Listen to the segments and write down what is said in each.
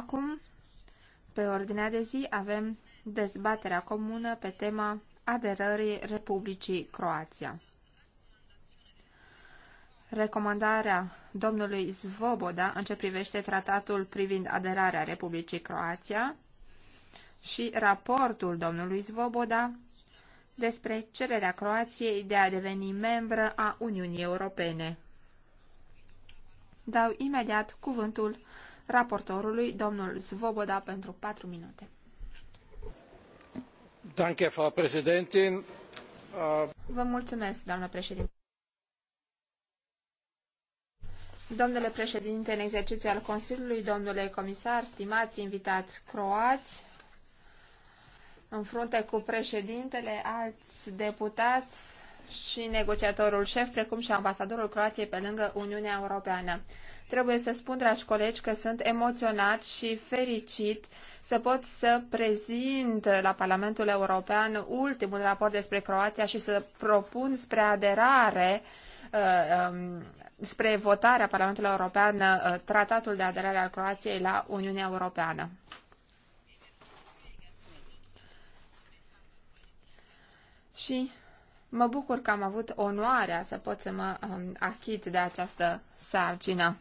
Acum, pe ordinea de zi, avem dezbaterea comună pe tema aderării Republicii Croația. Recomandarea domnului Zvoboda în ce privește tratatul privind aderarea Republicii Croația și raportul domnului Zvoboda despre cererea Croației de a deveni membră a Uniunii Europene. Dau imediat cuvântul raportorului, domnul Zvoboda, pentru 4 minute. Danke, Frau Präsidentin. Uh, Vă mulțumesc, doamnă președinte. Domnule președinte în exercițiu al Consiliului, domnule comisar, stimați invitați croați, în frunte cu președintele, alți deputați și negociatorul șef, precum și ambasadorul Croației pe lângă Uniunea Europeană. Trebuie să spun, dragi colegi, că sunt emoționat și fericit să pot să prezint la Parlamentul European ultimul raport despre Croația și să propun spre aderare uh, um, spre votarea Parlamentului European uh, tratatul de aderare al Croației la Uniunea Europeană. Și mă bucur că am avut onoarea să pot să mă um, achit de această sarcină.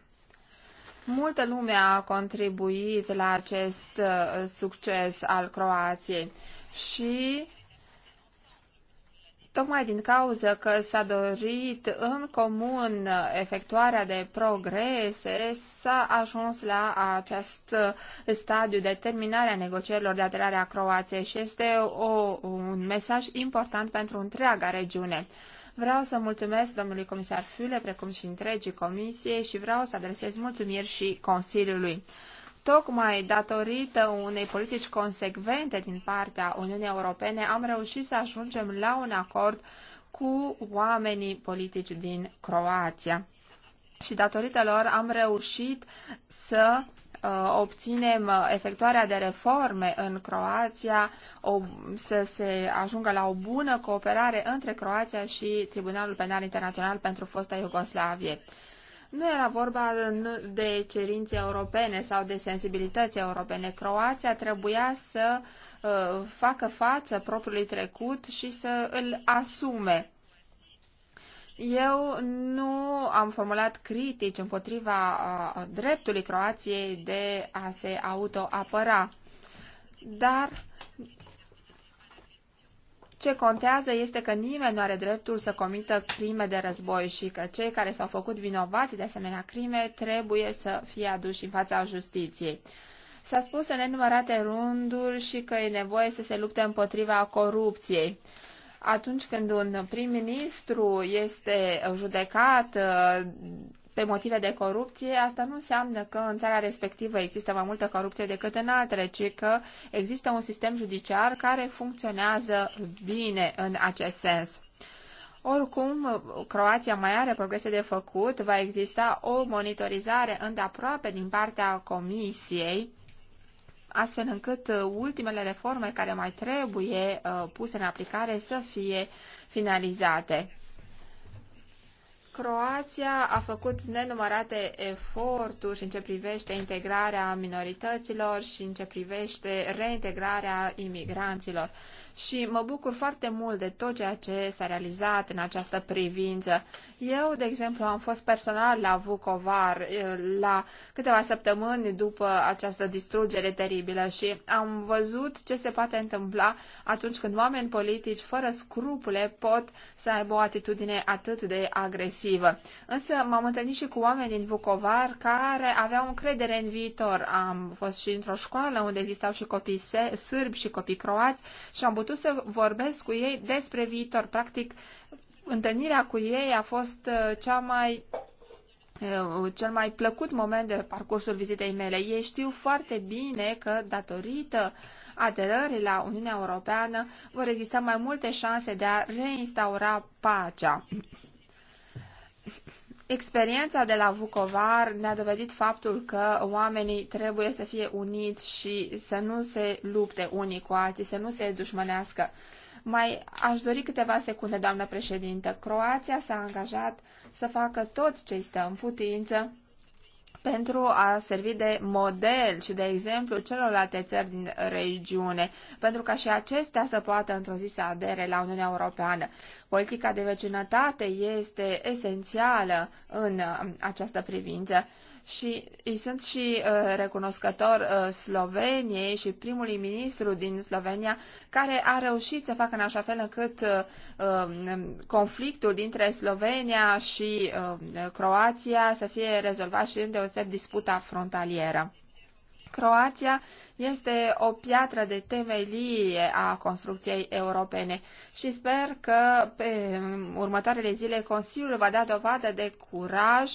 Multă lume a contribuit la acest uh, succes al Croației și tocmai din cauza că s-a dorit în comun efectuarea de progrese, s-a ajuns la acest stadiu de terminare a negocierilor de aderare a Croației și este o, un mesaj important pentru întreaga regiune. Vreau să mulțumesc domnului comisar Füle, precum și întregii comisie și vreau să adresez mulțumiri și Consiliului. Tocmai datorită unei politici consecvente din partea Uniunii Europene am reușit să ajungem la un acord cu oamenii politici din Croația. Și datorită lor am reușit să Uh, obținem uh, efectuarea de reforme în Croația, o, să se ajungă la o bună cooperare între Croația și Tribunalul Penal Internațional pentru fosta Iugoslavie. Nu era vorba de cerințe europene sau de sensibilități europene. Croația trebuia să uh, facă față propriului trecut și să îl asume eu nu am formulat critici împotriva uh, dreptului Croației de a se autoapăra, dar ce contează este că nimeni nu are dreptul să comită crime de război și că cei care s-au făcut vinovați de asemenea crime trebuie să fie aduși în fața justiției. S-a spus în nenumărate rânduri și că e nevoie să se lupte împotriva corupției atunci când un prim-ministru este judecat uh, pe motive de corupție, asta nu înseamnă că în țara respectivă există mai multă corupție decât în altele, ci că există un sistem judiciar care funcționează bine în acest sens. Oricum, Croația mai are progrese de făcut, va exista o monitorizare îndeaproape din partea Comisiei astfel încât uh, ultimele reforme care mai trebuie uh, puse în aplicare să fie finalizate. Croația a făcut nenumărate eforturi în ce privește integrarea minorităților și în ce privește reintegrarea imigranților și mă bucur foarte mult de tot ceea ce s-a realizat în această privință. Eu, de exemplu, am fost personal la Vucovar eh, la câteva săptămâni după această distrugere teribilă și am văzut ce se poate întâmpla atunci când oameni politici fără scrupule pot să aibă o atitudine atât de agresivă. Însă m-am întâlnit și cu oameni din Vucovar care aveau încredere în viitor. Am fost și într-o școală unde existau și copii sârbi și copii croați și am putut putut să vorbesc cu ei despre viitor. Practic, întâlnirea cu ei a fost uh, cea mai uh, cel mai plăcut moment de parcursul vizitei mele. Ei știu foarte bine că, datorită aderării la Uniunea Europeană, vor exista mai multe șanse de a reinstaura pacea. Experiența de la Vucovar ne-a dovedit faptul că oamenii trebuie să fie uniți și să nu se lupte unii cu alții, să nu se dușmănească. Mai aș dori câteva secunde, doamnă președintă. Croația s-a angajat să facă tot ce stă în putință pentru a servi de model și de exemplu celorlalte țări din regiune, pentru ca și acestea să poată într-o zi să adere la Uniunea Europeană. Politica de vecinătate este esențială în um, această privință și îi sunt și uh, recunoscător uh, Sloveniei și primului ministru din Slovenia care a reușit să facă în așa fel încât uh, um, conflictul dintre Slovenia și uh, Croația să fie rezolvat și îndeoseb disputa frontalieră. Croația este o piatră de temelie a construcției europene și sper că pe următoarele zile Consiliul va da dovadă de curaj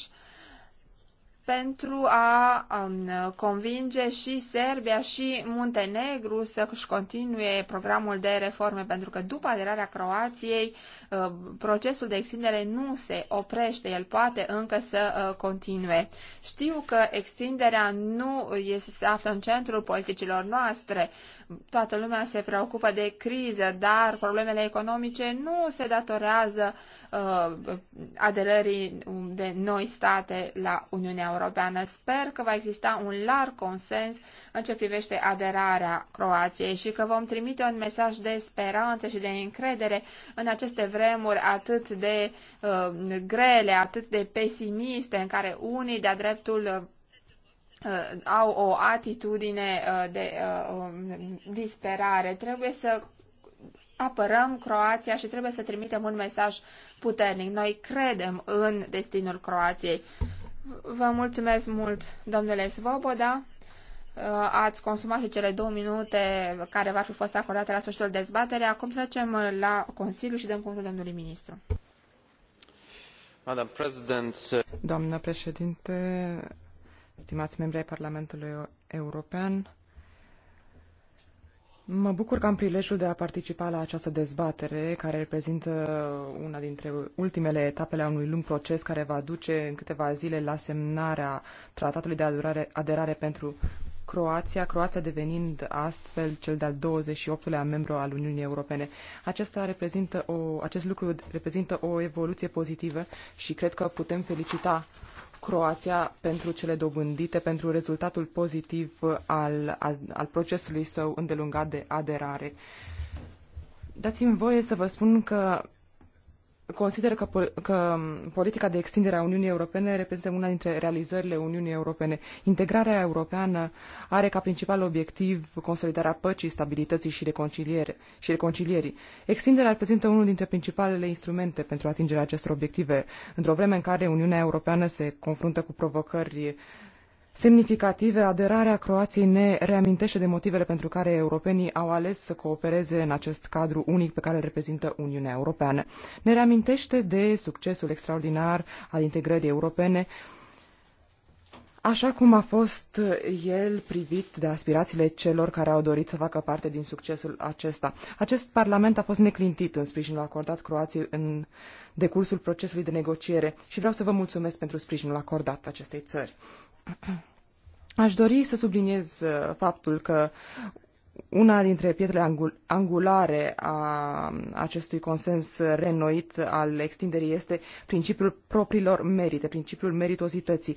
pentru a um, convinge și Serbia și Muntenegru să-și continue programul de reforme, pentru că după aderarea Croației, uh, procesul de extindere nu se oprește, el poate încă să uh, continue. Știu că extinderea nu este, se află în centrul politicilor noastre, toată lumea se preocupă de criză, dar problemele economice nu se datorează uh, aderării de noi state la Uniunea Europeană. Sper că va exista un larg consens în ce privește aderarea Croației și că vom trimite un mesaj de speranță și de încredere în aceste vremuri atât de uh, grele, atât de pesimiste, în care unii de-a dreptul uh, uh au o atitudine uh, de uh, um, disperare. Trebuie să apărăm Croația și trebuie să trimitem un mesaj puternic. Noi credem în destinul Croației. Vă mulțumesc mult, domnule Svoboda. Uh, ați consumat și cele două minute care v-ar fi fost acordate la sfârșitul dezbaterii. Acum trecem la Consiliu și dăm cuvântul domnului ministru. Uh, Doamnă președinte, stimați membri ai Parlamentului European, Mă bucur că am prilejul de a participa la această dezbatere, care reprezintă una dintre ultimele etapele a unui lung proces care va duce în câteva zile la semnarea tratatului de aderare, aderare pentru Croația, Croația devenind astfel cel de-al 28-lea membru al Uniunii Europene. Acesta reprezintă o, acest lucru reprezintă o evoluție pozitivă și cred că putem felicita Croația pentru cele dobândite, pentru rezultatul pozitiv uh, al, al, al procesului său îndelungat de aderare. Dați-mi voie să vă spun că consider că, că politica de extindere a Uniunii Europene reprezintă una dintre realizările Uniunii Europene. Integrarea europeană are ca principal obiectiv consolidarea păcii, stabilității și, reconciliere, și reconcilierii. Extinderea reprezintă unul dintre principalele instrumente pentru atingerea acestor obiective. Într-o vreme în care Uniunea Europeană se confruntă cu provocări uh, semnificative, aderarea Croației ne reamintește de motivele pentru care europenii au ales să coopereze în acest cadru unic pe care îl reprezintă Uniunea Europeană. Ne reamintește de succesul extraordinar al integrării europene, așa cum a fost uh, el privit de aspirațiile celor care au dorit să facă parte din succesul acesta. Acest parlament a fost neclintit în sprijinul acordat Croației în decursul procesului de negociere și vreau să vă mulțumesc pentru sprijinul acordat acestei țări. Aș dori să subliniez uh, faptul că una dintre pietrele angulare a acestui consens renoit al extinderii este principiul propriilor merite, principiul meritozității.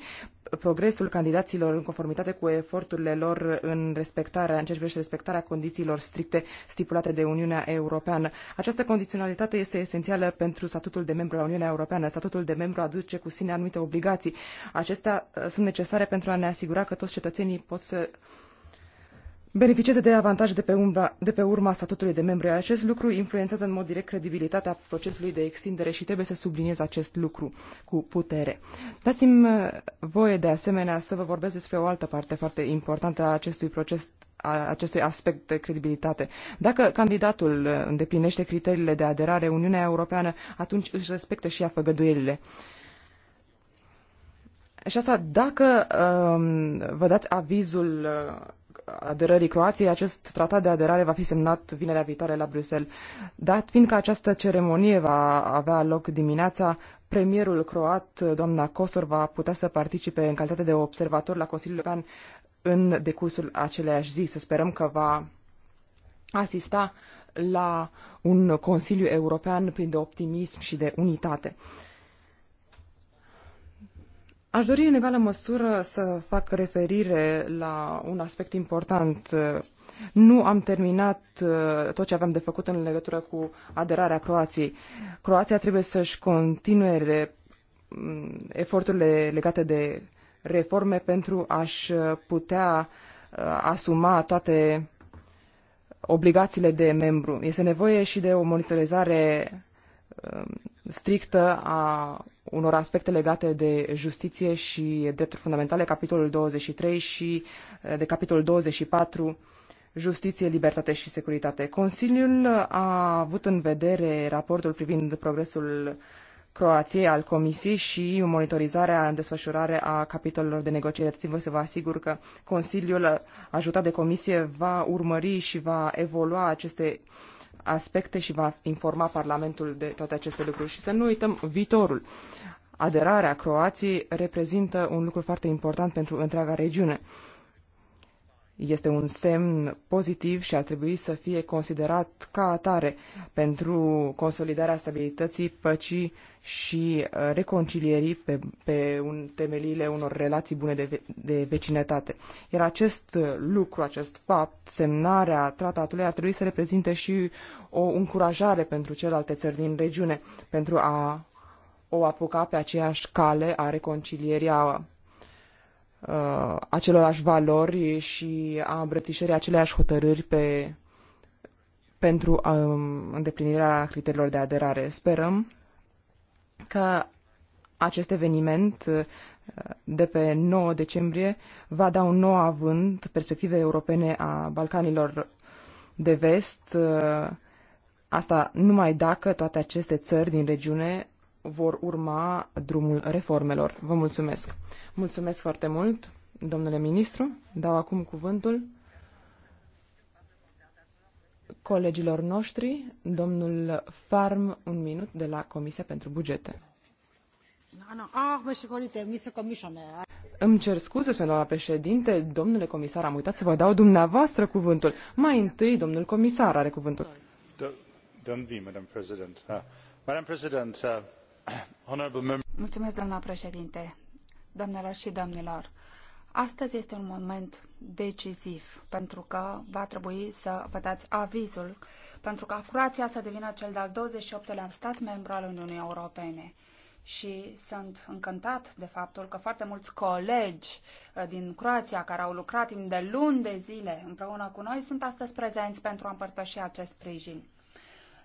Progresul candidaților în conformitate cu eforturile lor în respectarea, în ce privește respectarea condițiilor stricte stipulate de Uniunea Europeană. Această condiționalitate este esențială pentru statutul de membru al Uniunii Europeană. Statutul de membru aduce cu sine anumite obligații. Acestea uh, sunt necesare pentru a ne asigura că toți cetățenii pot să beneficieze de avantaje de pe, umbra, de pe urma statutului de membru, iar acest lucru influențează în mod direct credibilitatea procesului de extindere și trebuie să subliniez acest lucru cu putere. Dați-mi uh, voie de asemenea să vă vorbesc despre o altă parte foarte importantă a acestui proces a acestui aspect de credibilitate. Dacă candidatul uh, îndeplinește criteriile de aderare Uniunea Europeană, atunci își respectă și ea făgăduielile. Și asta dacă um, vă dați avizul uh, aderării Croației, acest tratat de aderare va fi semnat vinerea viitoare la Bruxelles. Dat fiindcă această ceremonie va avea loc dimineața, premierul croat, doamna Kosor, va putea să participe în calitate de observator la Consiliul European în decursul aceleiași zi. Să sperăm că va asista la un Consiliu European plin de optimism și de unitate. Aș dori în egală măsură să fac referire la un aspect important. Nu am terminat uh, tot ce aveam de făcut în legătură cu aderarea Croației. Croația trebuie să-și continue mm, eforturile legate de reforme pentru a-și uh, putea uh, asuma toate obligațiile de membru. Este nevoie și de o monitorizare Um, strictă a unor aspecte legate de justiție și drepturi fundamentale, capitolul 23 și uh, de capitolul 24, justiție, libertate și securitate. Consiliul a avut în vedere raportul privind progresul Croației al Comisiei și monitorizarea în desfășurare a capitolelor de negociere. Voi să vă asigur că Consiliul ajutat de Comisie va urmări și va evolua aceste uh, aspecte și va informa Parlamentul de toate aceste lucruri. Și să nu uităm viitorul. Aderarea Croației reprezintă un lucru foarte important pentru întreaga regiune este un semn pozitiv și ar trebui să fie considerat ca atare pentru consolidarea stabilității, păcii și uh, reconcilierii pe, pe un, temeliile unor relații bune de, de vecinătate. Iar acest uh, lucru, acest fapt, semnarea tratatului ar trebui să reprezinte și o încurajare pentru celelalte țări din regiune pentru a o apuca pe aceeași cale a reconcilierii, a uh, acelorași valori și a îmbrățișării aceleași hotărâri pe, pentru um, îndeplinirea criteriilor de aderare. Sperăm că acest eveniment uh, de pe 9 decembrie va da un nou avânt perspective europene a Balcanilor de vest, uh, asta numai dacă toate aceste țări din regiune vor urma drumul reformelor. Vă mulțumesc. Mulțumesc foarte mult, domnule ministru. Dau acum cuvântul colegilor noștri, domnul Farm, un minut, de la Comisia pentru Bugete. Îmi cer scuze, spune doamna președinte, domnule comisar, am uitat să vă dau dumneavoastră cuvântul. Mai întâi, domnul comisar are cuvântul. Don't be, Madam President. Uh, Madam President, uh, Mulțumesc, președinte, doamnelor și domnilor. Astăzi este un moment decisiv, pentru că va trebui să vă dați avizul pentru ca Croația să devină cel de-al 28-lea stat membru al Uniunii Europene. Și sunt încântat de faptul că foarte mulți colegi uh, din Croația care au lucrat timp de luni de zile împreună cu noi sunt astăzi prezenți pentru a împărtăși acest sprijin.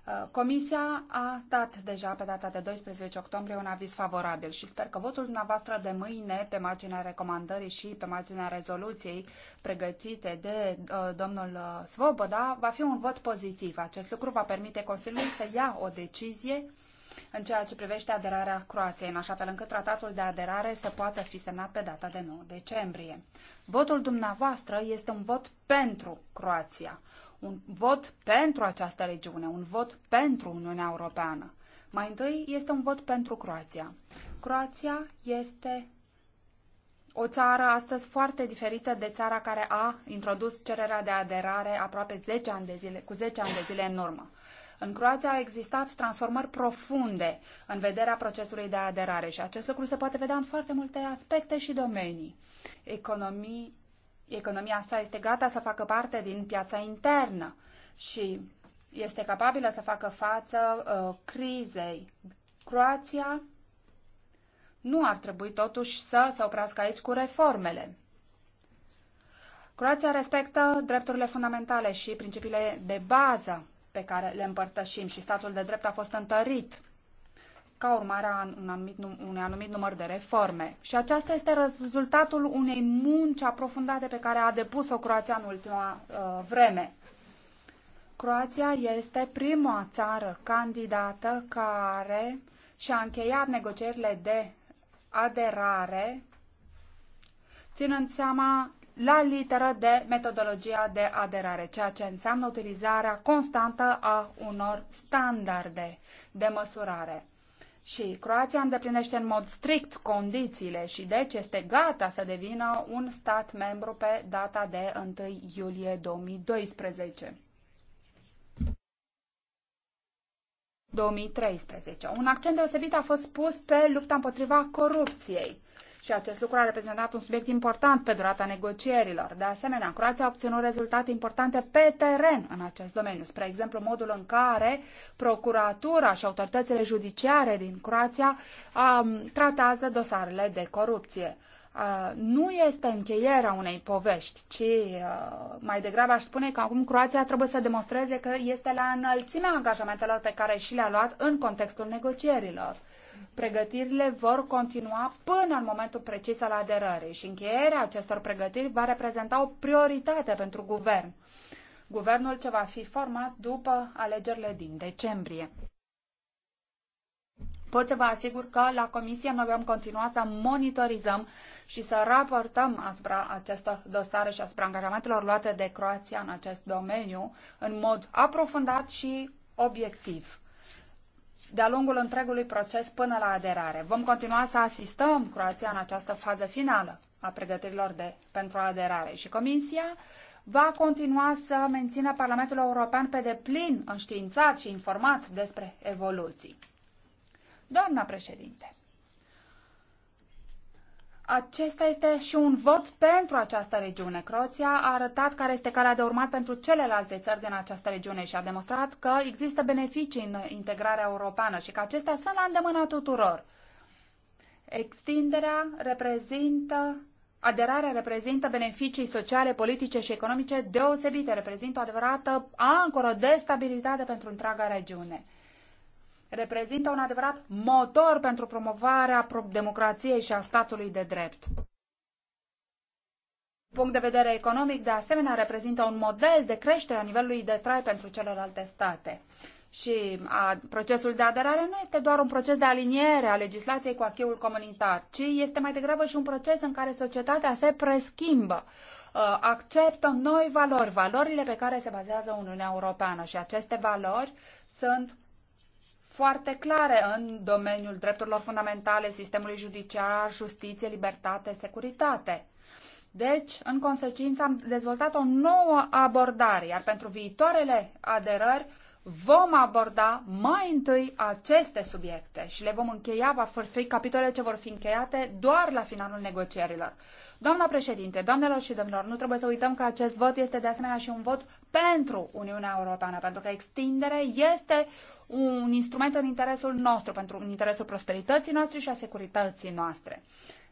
Uh, comisia a dat deja pe data de 12 octombrie un aviz favorabil și sper că votul dumneavoastră de mâine pe marginea recomandării și pe marginea rezoluției pregătite de uh, domnul uh, Svoboda va fi un vot pozitiv. Acest lucru va permite Consiliului să ia o decizie uh, în ceea ce privește aderarea Croației, în așa fel încât tratatul de aderare să poată fi semnat pe data de 9 decembrie. Votul dumneavoastră este un vot pentru Croația, un vot pentru această regiune, un vot pentru Uniunea Europeană. Mai întâi este un vot pentru Croația. Croația este o țară astăzi foarte diferită de țara care a introdus cererea de aderare aproape 10 ani de zile, cu 10 ani de zile în urmă. În Croația au existat transformări profunde în vederea procesului de aderare și acest lucru se poate vedea în foarte multe aspecte și domenii. Economii, economia sa este gata să facă parte din piața internă și este capabilă să facă față uh, crizei. Croația nu ar trebui totuși să se oprească aici cu reformele. Croația respectă drepturile fundamentale și principiile de bază pe care le împărtășim și statul de drept a fost întărit ca urmare a un anumit, unui anumit număr de reforme. Și aceasta este rezultatul unei munci aprofundate pe care a depus-o Croația în ultima uh, vreme. Croația este prima țară candidată care și-a încheiat negocierile de aderare, ținând seama la literă de metodologia de aderare, ceea ce înseamnă utilizarea constantă a unor standarde de măsurare. Și Croația îndeplinește în mod strict condițiile și deci este gata să devină un stat membru pe data de 1 iulie 2012. 2013. Un accent deosebit a fost pus pe lupta împotriva corupției și acest lucru a reprezentat un subiect important pe durata negocierilor. De asemenea, Croația a obținut rezultate importante pe teren în acest domeniu, spre exemplu modul în care procuratura și autoritățile judiciare din Croația um, tratează dosarele de corupție. Uh, nu este încheierea unei povești, ci uh, mai degrabă aș spune că acum Croația trebuie să demonstreze că este la înălțimea angajamentelor pe care și le-a luat în contextul negocierilor pregătirile vor continua până în momentul precis al aderării și încheierea acestor pregătiri va reprezenta o prioritate pentru guvern. Guvernul ce va fi format după alegerile din decembrie. Pot să vă asigur că la Comisie noi vom continua să monitorizăm și să raportăm asupra acestor dosare și asupra angajamentelor luate de Croația în acest domeniu în mod aprofundat și obiectiv de-a lungul întregului proces până la aderare. Vom continua să asistăm Croația în această fază finală a pregătirilor de, pentru aderare și Comisia va continua să mențină Parlamentul European pe deplin înștiințat și informat despre evoluții. Doamna președinte, acesta este și un vot pentru această regiune. Croația a arătat care este calea de urmat pentru celelalte țări din această regiune și a demonstrat că există beneficii în integrarea europeană și că acestea sunt la îndemâna tuturor. Extinderea reprezintă Aderarea reprezintă beneficii sociale, politice și economice deosebite, reprezintă o adevărată ancoră de stabilitate pentru întreaga regiune reprezintă un adevărat motor pentru promovarea democrației și a statului de drept. Punct de vedere economic, de asemenea, reprezintă un model de creștere a nivelului de trai pentru celelalte state. Și a, procesul de aderare nu este doar un proces de aliniere a legislației cu acheul comunitar, ci este mai degrabă și un proces în care societatea se preschimbă, ă, acceptă noi valori, valorile pe care se bazează Uniunea Europeană și aceste valori sunt foarte clare în domeniul drepturilor fundamentale, sistemului judiciar, justiție, libertate, securitate. Deci, în consecință, am dezvoltat o nouă abordare, iar pentru viitoarele aderări vom aborda mai întâi aceste subiecte și le vom încheia, va fi capitolele ce vor fi încheiate doar la finalul negocierilor. Doamna președinte, doamnelor și domnilor, nu trebuie să uităm că acest vot este de asemenea și un vot pentru Uniunea Europeană, pentru că extinderea este un instrument în interesul nostru, pentru în interesul prosperității noastre și a securității noastre.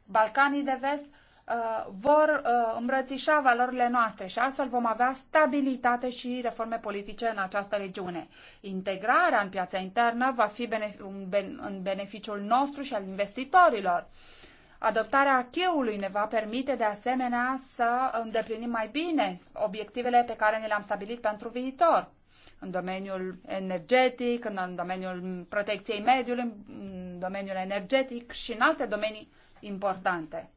Balcanii de vest uh, vor uh, îmbrățișa valorile noastre și astfel vom avea stabilitate și reforme politice în această regiune. Integrarea în piața internă va fi bene- un ben- în beneficiul nostru și al investitorilor. Uh, Adoptarea cheului ne va permite de asemenea să îndeplinim mai bine obiectivele pe care ne le-am stabilit pentru viitor în domeniul energetic, în domeniul protecției mediului, în domeniul energetic și în alte domenii importante.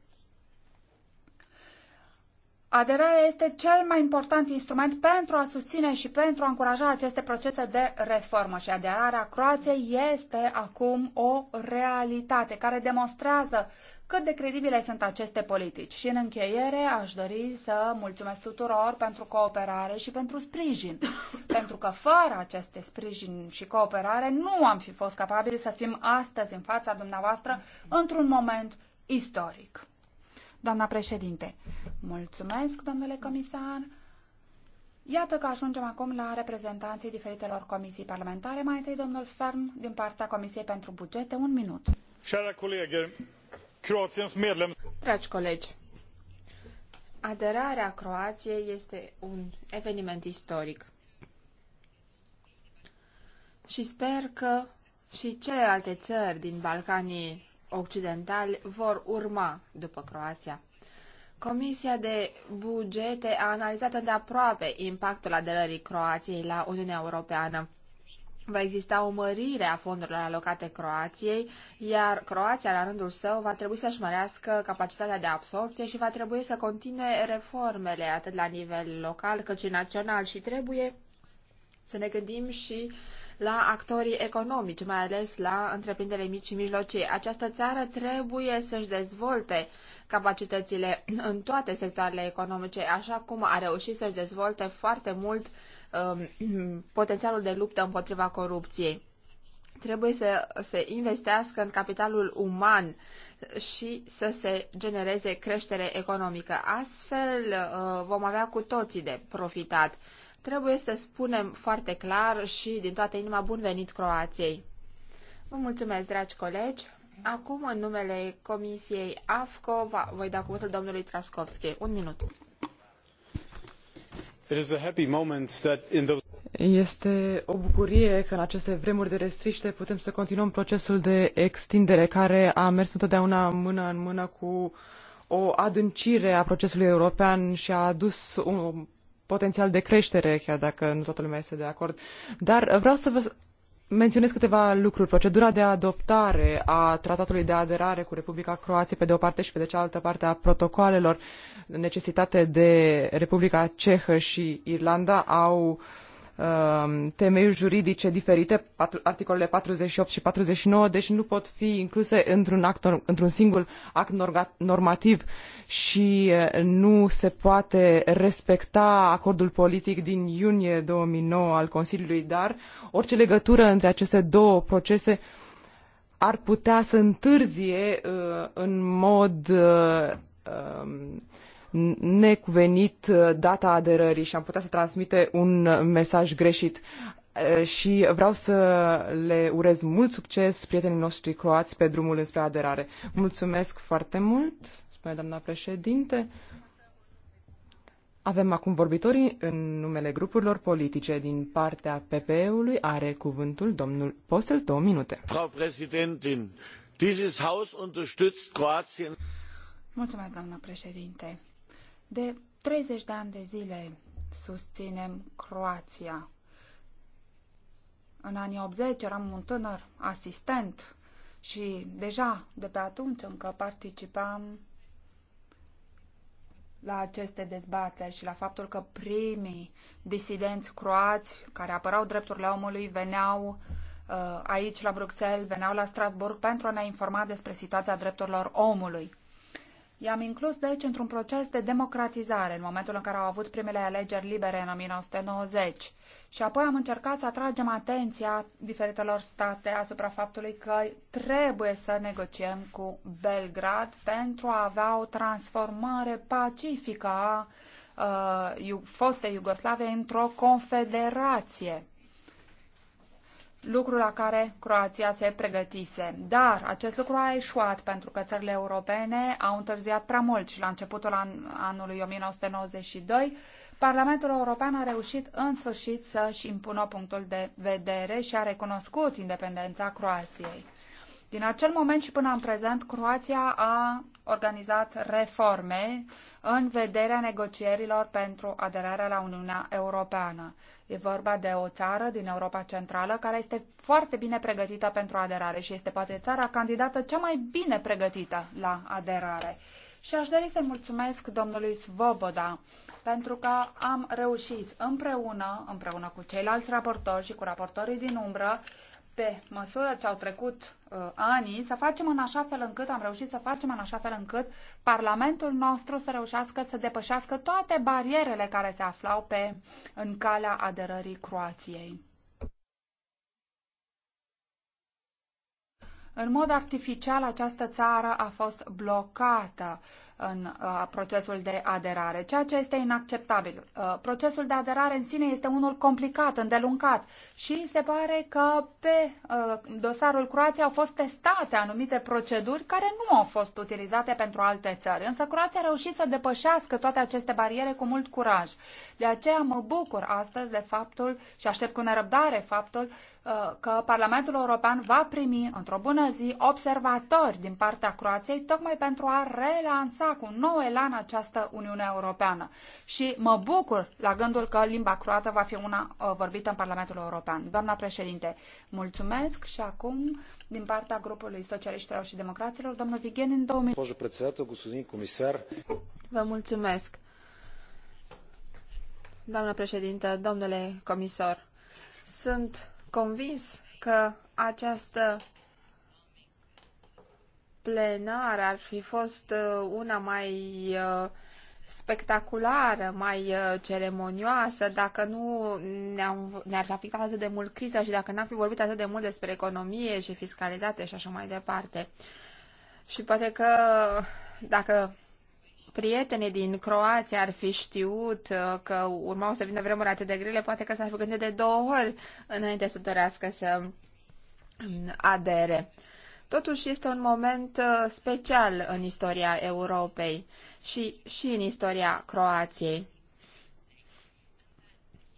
Aderarea este cel mai important instrument pentru a susține și pentru a încuraja aceste procese de reformă și aderarea Croației este acum o realitate care demonstrează cât de credibile sunt aceste politici. Și în încheiere aș dori să mulțumesc tuturor pentru cooperare și pentru sprijin, pentru că fără aceste sprijin și cooperare nu am fi fost capabili să fim astăzi în fața dumneavoastră într-un moment istoric. Doamna președinte, mulțumesc, domnule comisar. Iată că ajungem acum la reprezentanții diferitelor comisii parlamentare. Mai întâi, domnul Ferm, din partea Comisiei pentru Bugete, un minut. Chers colegi, Dragi colegi, aderarea Croației este un eveniment istoric. Și sper că și celelalte țări din Balcanii Occidentali vor urma după Croația. Comisia de bugete a analizat îndeaproape impactul aderării Croației la Uniunea Europeană Va exista o mărire a fondurilor alocate Croației, iar Croația, la rândul său, va trebui să-și mărească capacitatea de absorpție și va trebui să continue reformele atât la nivel local cât și național și trebuie să ne gândim și uh, la actorii economici, mai ales la întreprinderile mici și mijlocii. Această țară trebuie să-și dezvolte capacitățile în toate sectoarele economice, așa cum a reușit să-și dezvolte foarte mult um, potențialul de luptă împotriva corupției trebuie să se investească în capitalul uman și să se genereze creștere economică. Astfel uh, vom avea cu toții de profitat. Trebuie să spunem foarte clar și din toată inima bun venit Croației. Vă mulțumesc, dragi colegi. Acum, în numele Comisiei AFCO, voi da cuvântul domnului Traskovski. Un minut. It is a happy moment that in Este o bucurie că în aceste vremuri de restriște putem să continuăm procesul de extindere care a mers întotdeauna mână în mână cu o adâncire a procesului european și a adus o potențial de creștere, chiar dacă nu toată lumea este de acord. Dar vreau să vă menționez câteva lucruri. Procedura de adoptare a tratatului de aderare cu Republica Croației pe de o parte și pe de cealaltă parte a protocoalelor necesitate de Republica Cehă și Irlanda au uh, Um, temeiuri juridice diferite, articolele 48 și 49, deci nu pot fi incluse într-un, act, într-un singur act normativ și uh, nu se poate respecta acordul politic din iunie 2009 al Consiliului, dar orice legătură între aceste două procese ar putea să întârzie uh, în mod uh, um, necuvenit uh, data aderării și am putea să transmite un uh, mesaj greșit. Uh, și vreau să le urez mult succes prietenii noștri croați pe drumul înspre aderare. Mulțumesc foarte mult, spune doamna președinte. Avem acum vorbitorii în numele grupurilor politice. Din partea PPE-ului are cuvântul domnul Posel, două minute. Frau Präsidentin, dieses Haus unterstützt Kroatien. Mulțumesc, doamnă președinte. De 30 de ani de zile susținem Croația. În anii 80 eram un tânăr asistent și deja de pe atunci încă participam la aceste dezbateri și la faptul că primii disidenți croați care apărau drepturile omului veneau uh, aici la Bruxelles, veneau la Strasburg pentru a ne informa despre situația drepturilor omului. I-am inclus, deci, într-un proces de democratizare în momentul în care au avut primele alegeri libere în 1990. Și apoi am încercat să atragem atenția diferitelor state asupra faptului că trebuie să negociem cu Belgrad pentru a avea o transformare pacifică a uh, fostei Iugoslavie într-o confederație lucru la care Croația se pregătise. Dar acest lucru a eșuat pentru că țările europene au întârziat prea mult și la începutul an- anului 1992 Parlamentul European a reușit în sfârșit să-și impună punctul de vedere și a recunoscut independența Croației. Din acel moment și până în prezent, Croația a organizat reforme în vederea negocierilor pentru aderarea la Uniunea Europeană. E vorba de o țară din Europa Centrală care este foarte bine pregătită pentru aderare și este poate țara candidată cea mai bine pregătită la aderare. Și aș dori să mulțumesc domnului Svoboda pentru că am reușit împreună, împreună cu ceilalți raportori și cu raportorii din umbră, pe măsură ce au trecut uh, anii, să facem în așa fel încât, am reușit să facem în așa fel încât Parlamentul nostru să reușească să depășească toate barierele care se aflau pe, în calea aderării Croației. În mod artificial, această țară a fost blocată în uh, procesul de aderare, ceea ce este inacceptabil. Uh, procesul de aderare în sine este unul complicat, îndelungat și se pare că pe uh, dosarul Croației au fost testate anumite proceduri care nu au fost utilizate pentru alte țări, însă Croația a reușit să depășească toate aceste bariere cu mult curaj. De aceea mă bucur astăzi de faptul și aștept cu nerăbdare faptul că Parlamentul European va primi într-o bună zi observatori din partea Croației tocmai pentru a relansa lansa cu un nou elan această Uniune Europeană. Și mă bucur la gândul că limba croată va fi una uh, vorbită în Parlamentul European. Doamna președinte, mulțumesc și acum din partea grupului socialiștilor și democraților, domnul Vigen în 2000. comisar. Vă mulțumesc. Doamnă președinte, domnule comisor, sunt convins că această plenar ar fi fost uh, una mai uh, spectaculară, mai uh, ceremonioasă, dacă nu ne-ar fi afectat atât de mult criza și dacă n-am fi vorbit atât de mult despre economie și fiscalitate și așa mai departe. Și poate că dacă prietenii din Croația ar fi știut că urmau să vină vremuri atât de grele, poate că s-ar fi gândit de două ori înainte să dorească să mm, adere. Totuși este un moment uh, special în istoria Europei și, și în istoria Croației.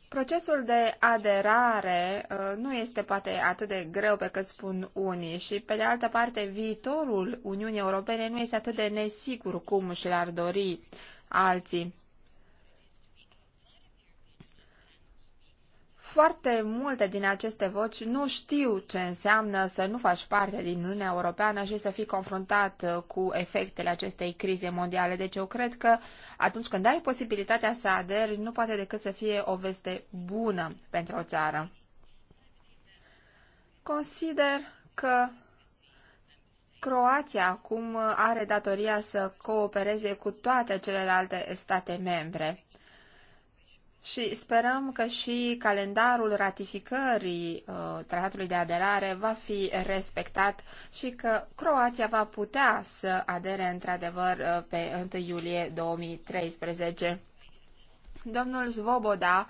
Procesul de aderare uh, nu este poate atât de greu pe cât spun unii și, pe de altă parte, viitorul Uniunii Europene nu este atât de nesigur cum și l-ar dori alții. Foarte multe din aceste voci nu știu ce înseamnă să nu faci parte din Uniunea Europeană și să fii confruntat uh, cu efectele acestei crize mondiale. Deci eu cred că atunci când ai posibilitatea să aderi, nu poate decât să fie o veste bună pentru o țară. Consider că Croația acum are datoria să coopereze cu toate celelalte state membre și sperăm că și calendarul ratificării uh, tratatului de aderare va fi respectat și că Croația va putea să adere într-adevăr uh, pe 1 iulie 2013. Domnul Zvoboda,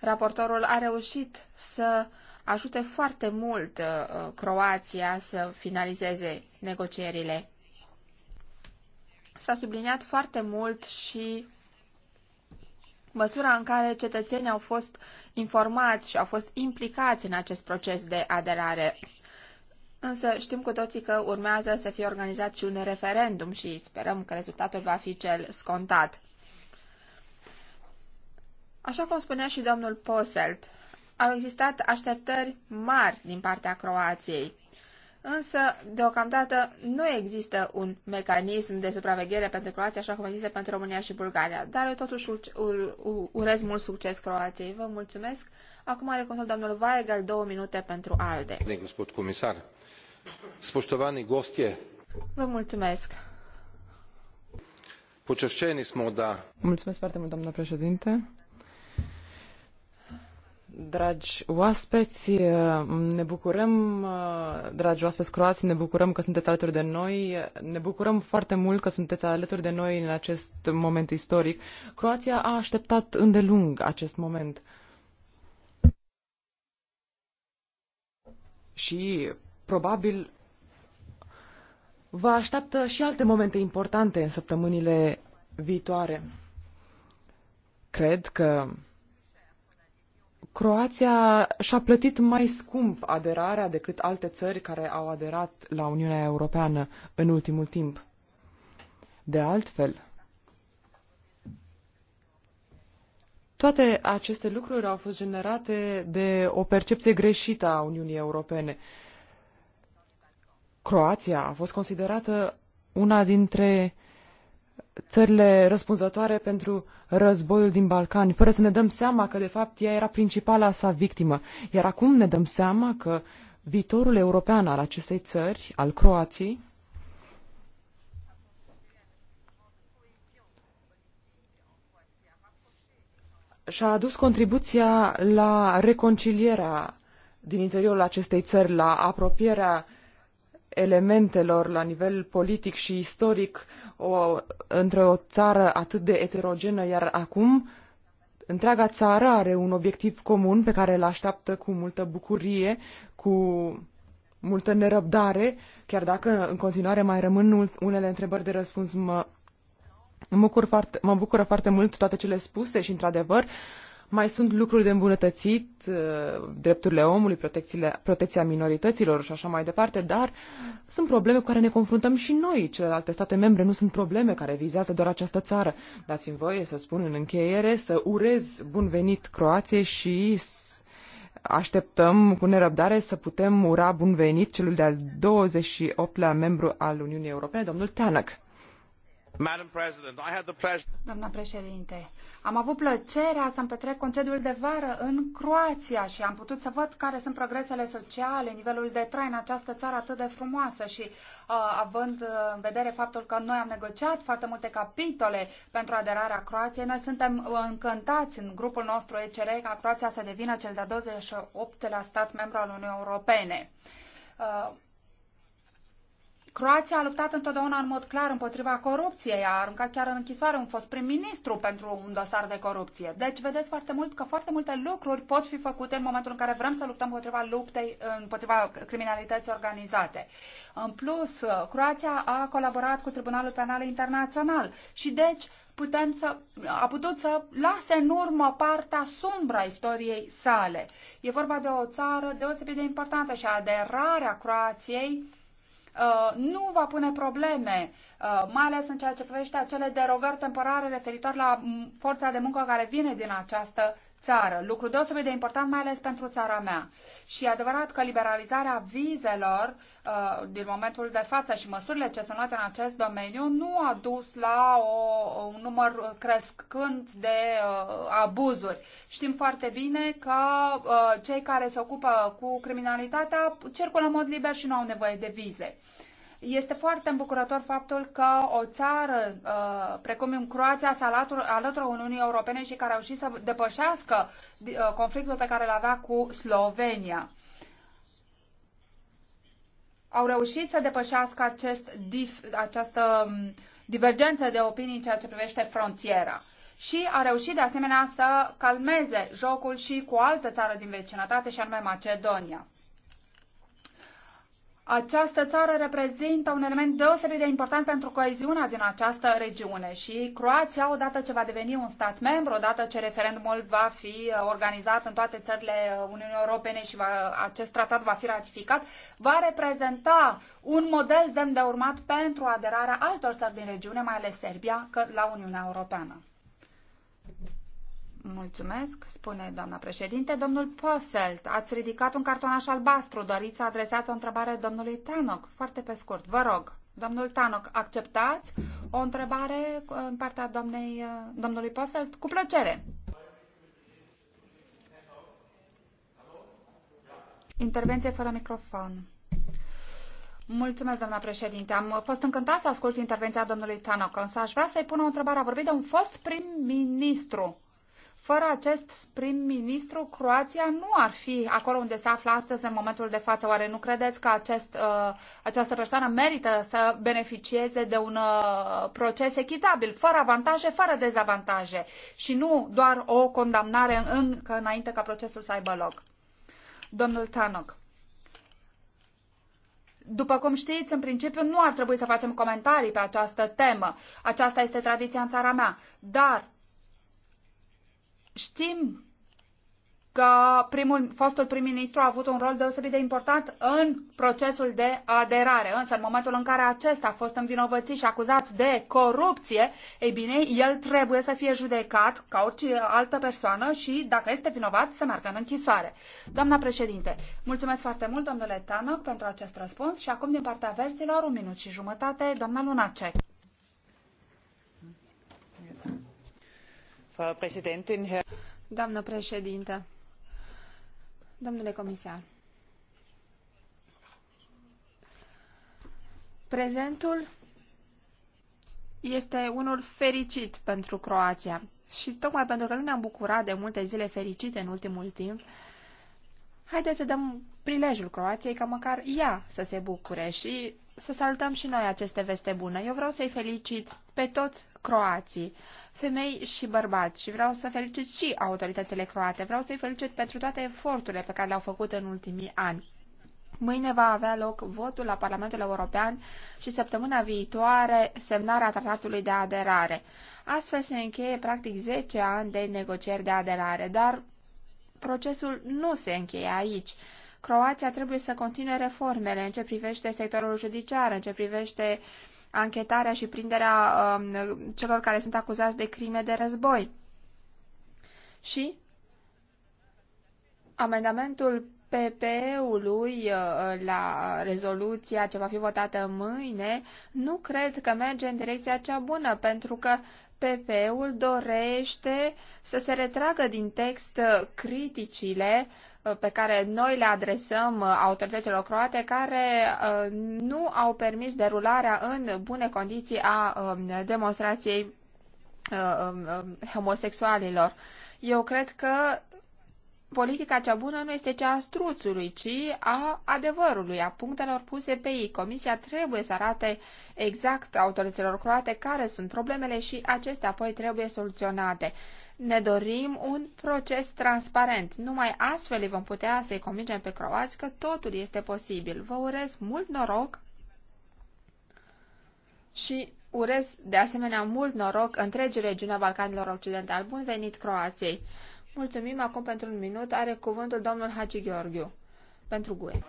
raportorul, a reușit să ajute foarte mult uh, Croația să finalizeze negocierile. S-a subliniat foarte mult și măsura în care cetățenii au fost informați și au fost implicați în acest proces de aderare. Însă știm cu toții că urmează să fie organizat și un referendum și sperăm că rezultatul va fi cel scontat. Așa cum spunea și domnul Poselt, au existat așteptări mari din partea Croației însă deocamdată nu există un mecanism de supraveghere pentru Croația așa cum există pentru România și Bulgaria, dar eu totuși urez mult succes Croației. Vă mulțumesc. Acum are cuvântul domnul Vaegal două minute pentru ALDE. comisar, spoștovani gostie. Vă mulțumesc. Da- mulțumesc foarte mult, doamnă președinte. Dragi oaspeți, ne bucurăm, dragi oaspeți croați, ne bucurăm că sunteți alături de noi, ne bucurăm foarte mult că sunteți alături de noi în acest moment istoric. Croația a așteptat îndelung acest moment. Și probabil vă așteaptă și alte momente importante în săptămânile viitoare. Cred că Croația și-a plătit mai scump aderarea decât alte țări care au aderat la Uniunea Europeană în ultimul timp. De altfel, toate aceste lucruri au fost generate de o percepție greșită a Uniunii Europene. Croația a fost considerată una dintre țările răspunzătoare pentru războiul din Balcani, fără să ne dăm seama că, de fapt, ea era principala sa victimă. Iar acum ne dăm seama că viitorul european al acestei țări, al Croației, și-a adus contribuția la reconcilierea din interiorul acestei țări, la apropierea uh, elementelor la nivel politic și istoric o, între o țară atât de eterogenă, iar acum întreaga țară are un obiectiv comun pe care îl așteaptă cu multă bucurie, cu multă nerăbdare, chiar dacă în continuare mai rămân unele întrebări de răspuns. Mă, mă, bucur foarte, mă bucură foarte mult toate cele spuse și, într-adevăr, uh, mai sunt lucruri de îmbunătățit, uh, drepturile omului, protecția minorităților și așa mai departe, dar sunt probleme cu care ne confruntăm și noi, celelalte state membre. Nu sunt probleme care vizează doar această țară. Dați-mi voie să spun în încheiere, să urez bun venit Croației și așteptăm cu nerăbdare să putem ura bun venit celul de-al 28-lea membru al Uniunii Europene, domnul Tanăc. Doamnă președinte, am avut plăcerea să-mi petrec concediul de vară în Croația și am putut să văd care sunt progresele sociale, nivelul de trai în această țară atât de frumoasă și uh, având uh, în vedere faptul că noi am negociat foarte multe capitole pentru aderarea Croației, noi suntem uh, încântați în grupul nostru ECR ca Croația să devină cel de-a 28-lea stat membru al Uniunii Europene. Uh, Croația a luptat întotdeauna în mod clar împotriva corupției, a aruncat chiar în închisoare un fost prim-ministru pentru un dosar de corupție. Deci vedeți foarte mult că foarte multe lucruri pot fi făcute în momentul în care vrem să luptăm împotriva luptei, împotriva criminalității organizate. În plus, Croația a colaborat cu Tribunalul Penal Internațional și deci putem să, a putut să lase în urmă partea sumbră a istoriei sale. E vorba de o țară deosebit de importantă și aderarea Croației Uh, nu va pune probleme, uh, mai ales în ceea ce privește acele derogări temporare referitor la forța de muncă care vine din această țară. Lucru deosebit de important, mai ales pentru țara mea. Și e adevărat că liberalizarea vizelor uh, din momentul de față și măsurile ce sunt luate în acest domeniu nu a dus la o, un număr crescând de uh, abuzuri. Știm foarte bine că uh, cei care se ocupă cu criminalitatea circulă în mod liber și nu au nevoie de vize. Este foarte îmbucurător faptul că o țară uh, precum Croația s-a alătură Uniunii Europene și care a reușit să depășească uh, conflictul pe care îl avea cu Slovenia. Au reușit să depășească acest dif, această um, divergență de opinii în ceea ce privește frontiera și a reușit de asemenea să calmeze jocul și cu altă țară din vecinătate, și anume Macedonia. Această țară reprezintă un element deosebit de important pentru coeziunea din această regiune și Croația, odată ce va deveni un stat membru, odată ce referendumul va fi organizat în toate țările Uniunii Europene și va, acest tratat va fi ratificat, va reprezenta un model demn de urmat pentru aderarea altor țări din regiune, mai ales Serbia, la Uniunea Europeană. Mulțumesc, spune doamna președinte. Domnul Poselt, ați ridicat un cartonaș albastru. Doriți să adresați o întrebare domnului Tanoc? Foarte pe scurt, vă rog. Domnul Tanoc, acceptați o întrebare uh, în partea doamnei, uh, domnului Poselt? Cu plăcere. Intervenție fără microfon. Mulțumesc, doamna președinte. Am fost încântat să ascult intervenția domnului Tanoc, însă aș vrea să-i pun o întrebare. A vorbit de un fost prim-ministru fără acest prim-ministru, Croația nu ar fi acolo unde se află astăzi în momentul de față. Oare nu credeți că acest, uh, această persoană merită să beneficieze de un uh, proces echitabil, fără avantaje, fără dezavantaje și nu doar o condamnare încă înainte ca procesul să aibă loc? Domnul Tanok. După cum știți, în principiu nu ar trebui să facem comentarii pe această temă. Aceasta este tradiția în țara mea. Dar Știm că primul, fostul prim-ministru a avut un rol deosebit de important în procesul de aderare. Însă, în momentul în care acesta a fost învinovățit și acuzat de corupție, ei bine, el trebuie să fie judecat ca orice altă persoană și, dacă este vinovat, să meargă în închisoare. Doamna președinte, mulțumesc foarte mult, domnule Tanoc, pentru acest răspuns și acum, din partea verților, un minut și jumătate, doamna Lunacek. domnule comisar, prezentul este unul fericit pentru Croația și tocmai pentru că nu ne-am bucurat de multe zile fericite în ultimul timp, haideți să dăm prilejul Croației ca măcar ea să se bucure și să salutăm și noi aceste veste bune. Eu vreau să-i felicit pe toți croații, femei și bărbați și vreau să felicit și autoritățile croate. Vreau să-i felicit pentru toate eforturile pe care le-au făcut în ultimii ani. Mâine va avea loc votul la Parlamentul European și săptămâna viitoare semnarea tratatului de aderare. Astfel se încheie practic 10 ani de negocieri de aderare, dar procesul nu se încheie aici. Croația trebuie să continue reformele în ce privește sectorul judiciar, în ce privește anchetarea și prinderea um, celor care sunt acuzați de crime de război. Și amendamentul PPE-ului uh, la rezoluția ce va fi votată mâine nu cred că merge în direcția cea bună, pentru că PPE-ul dorește să se retragă din text uh, criticile pe care noi le adresăm uh, autorităților croate care uh, nu au permis derularea în bune condiții a um, demonstrației uh, um, um, homosexualilor. Eu cred că politica cea bună nu este cea a struțului, ci a adevărului, a punctelor puse pe ei. Comisia trebuie să arate exact autorităților croate care sunt problemele și acestea apoi trebuie soluționate ne dorim un proces transparent. Numai astfel îi vom putea să-i convingem pe croați că totul este posibil. Vă urez mult noroc și urez de asemenea mult noroc întregii regiunea Balcanilor Occidental. Bun venit Croației! Mulțumim acum pentru un minut. Are cuvântul domnul Hagi Gheorghiu pentru GUE.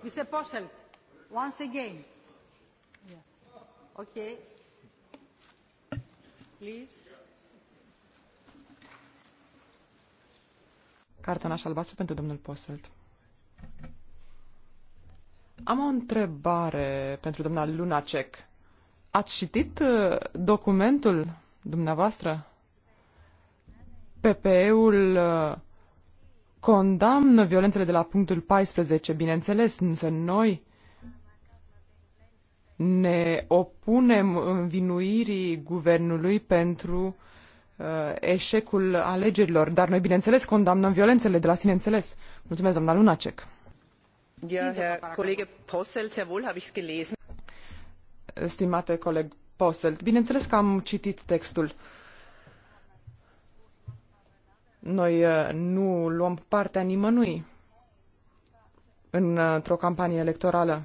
Mr. Posselt, once again. Okay. Please. cartonaș albastru pentru domnul Poselt. Am o întrebare pentru doamna Lunacek. Ați citit uh, documentul dumneavoastră? PPE-ul uh, condamnă violențele de la punctul 14, bineînțeles, însă noi ne opunem învinuirii guvernului pentru Uh, eșecul alegerilor, dar noi, bineînțeles, condamnăm violențele de la sine înțeles. Mulțumesc, doamna Lunacek. Stimate coleg Posselt, bineînțeles că am citit textul. Noi uh, nu luăm partea nimănui uh, într-o campanie electorală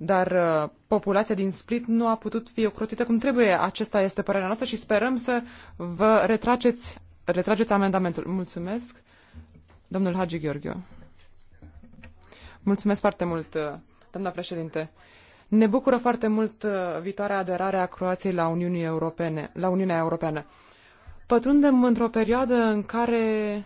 dar uh, populația din Split nu a putut fi ocrotită cum trebuie. Acesta este părerea noastră și sperăm să vă retrageți, retrageți amendamentul. Mulțumesc, domnul Hagi Gheorghiu. Mulțumesc foarte mult, uh, doamna președinte. Ne bucură foarte mult uh, viitoarea aderare a Croației la, Uniunii Europene, la Uniunea Europeană. Pătrundem într-o perioadă în care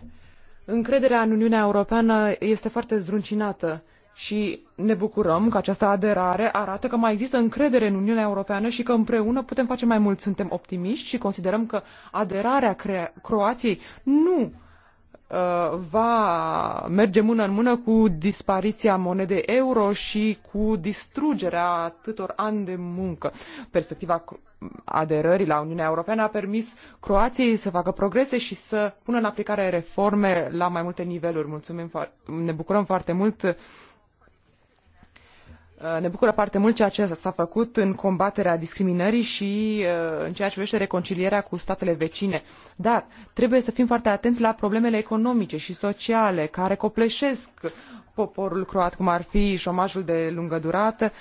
încrederea în Uniunea Europeană este foarte zruncinată și ne bucurăm că această aderare arată că mai există încredere în Uniunea Europeană și că împreună putem face mai mult. Suntem optimiști și considerăm că aderarea Croației nu uh, va merge mână în mână cu dispariția monedei euro și cu distrugerea atâtor ani de muncă. Perspectiva aderării la Uniunea Europeană a permis Croației să facă progrese și să pună în aplicare reforme la mai multe niveluri. Mulțumim, ne bucurăm foarte mult Uh, ne bucură foarte mult ceea ce s-a făcut în combaterea discriminării și uh, în ceea ce privește reconcilierea cu statele vecine. Dar trebuie să fim foarte atenți la problemele economice și sociale care copleșesc poporul croat, cum ar fi șomajul de lungă durată,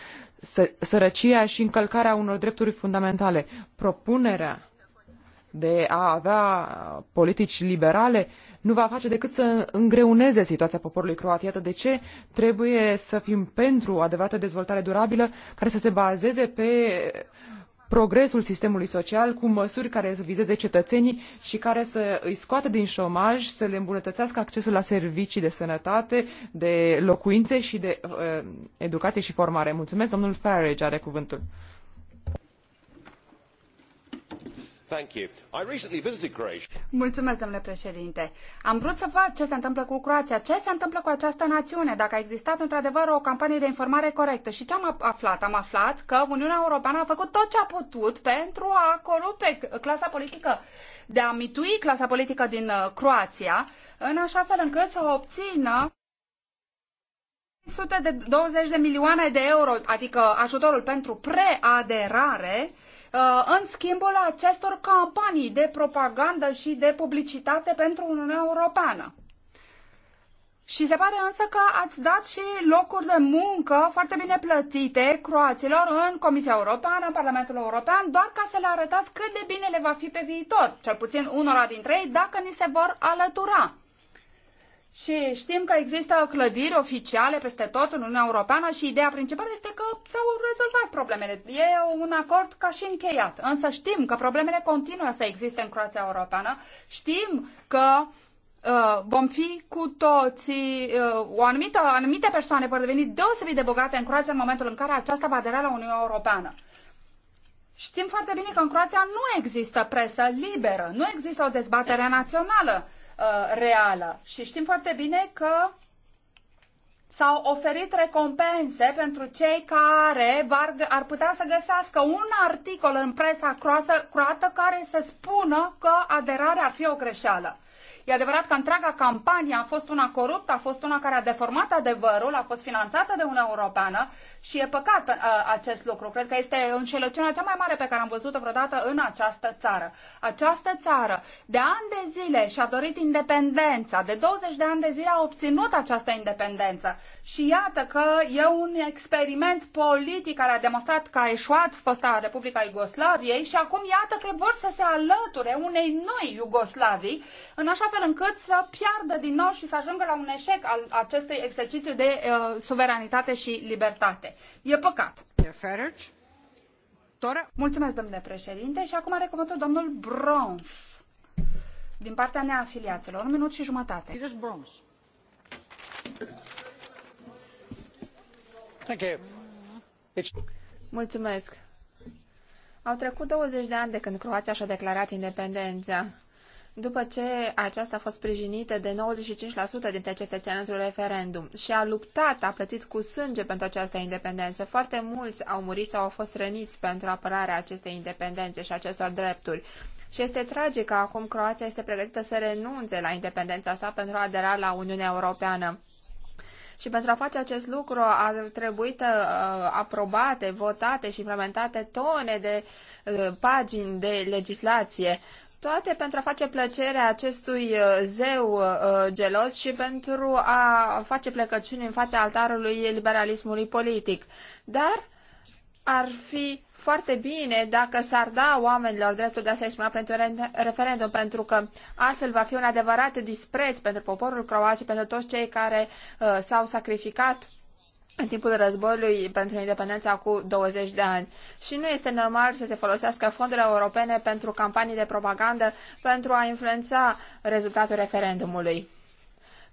sărăcia și încălcarea unor drepturi fundamentale. Propunerea de a avea politici liberale uh, nu va face decât să îngreuneze situația poporului croat. Iată de ce trebuie să fim pentru adevărată dezvoltare durabilă care să se bazeze pe progresul sistemului social cu măsuri care să vizeze cetățenii și care să îi scoată din șomaj, să le îmbunătățească accesul la servicii de sănătate, de locuințe și de uh, educație și formare. Mulțumesc, domnul Farage are cuvântul. Mulțumesc, domnule președinte. Am vrut să văd ce se întâmplă cu Croația, ce se întâmplă cu această națiune, dacă a existat într-adevăr o campanie de informare corectă. Și ce am aflat? Am aflat că Uniunea Europeană a făcut tot ce a putut pentru a corupe clasa politică, de a mitui clasa politică din uh, Croația, în așa fel încât să obțină 120 de milioane de euro, adică ajutorul pentru preaderare, Uh, în schimbul acestor campanii de propagandă și de publicitate pentru Uniunea Europeană. Și se pare însă că ați dat și locuri de muncă foarte bine plătite croaților în Comisia Europeană, în Parlamentul European, doar ca să le arătați cât de bine le va fi pe viitor, cel puțin unora dintre ei, dacă ni se vor alătura. Și știm că există clădiri oficiale peste tot în Uniunea Europeană și ideea principală este că s-au rezolvat problemele. E un acord ca și încheiat. Însă știm că problemele continuă să existe în Croația Europeană. Știm că Uh, vom fi cu toții, uh, o anumită, anumite persoane vor deveni deosebit de bogate în Croația în momentul în care aceasta va adera la Uniunea Europeană. Știm foarte bine că în Croația nu există presă liberă, nu există o dezbatere națională Uh, reală. Și știm foarte bine că s-au oferit recompense pentru cei care ar putea să găsească un articol în presa croată care să spună că aderarea ar fi o greșeală. E adevărat că întreaga campanie a fost una coruptă, a fost una care a deformat adevărul, a fost finanțată de Uniunea Europeană și e păcat uh, acest lucru. Cred că este înșelăciunea cea mai mare pe care am văzut-o vreodată în această țară. Această țară de ani de zile și-a dorit independența, de 20 de ani de zile a obținut această independență și iată că e un experiment politic care a demonstrat că a eșuat fosta Republica Iugoslaviei și acum iată că vor să se alăture unei noi Iugoslavii în așa fel încât să piardă din nou și să ajungă la un eșec al acestui exercițiu de uh, suveranitate și libertate. E păcat. Mulțumesc, domnule președinte, și acum are cuvântul domnul Brons din partea neafiliaților. Un minut și jumătate. Mulțumesc. Au trecut 20 de ani de când Croația și-a declarat independența după ce aceasta a fost sprijinită de 95% dintre cetățeni într-un referendum și a luptat, a plătit cu sânge pentru această independență. Foarte mulți au murit sau au fost răniți pentru apărarea acestei independențe și acestor drepturi. Și este tragic că acum Croația este pregătită să renunțe la independența sa pentru a adera la Uniunea Europeană. Și pentru a face acest lucru a trebuit uh, aprobate, votate și implementate tone de uh, pagini de legislație toate pentru a face plăcere acestui uh, zeu uh, gelos și pentru a face plecăciuni în fața altarului liberalismului politic. Dar ar fi foarte bine dacă s-ar da oamenilor dreptul de a se exprima pentru referendum, pentru că altfel va fi un adevărat dispreț pentru poporul croat și pentru toți cei care uh, s-au sacrificat în timpul războiului pentru independența cu 20 de ani. Și nu este normal să se folosească fondurile europene pentru campanii de propagandă pentru a influența rezultatul referendumului.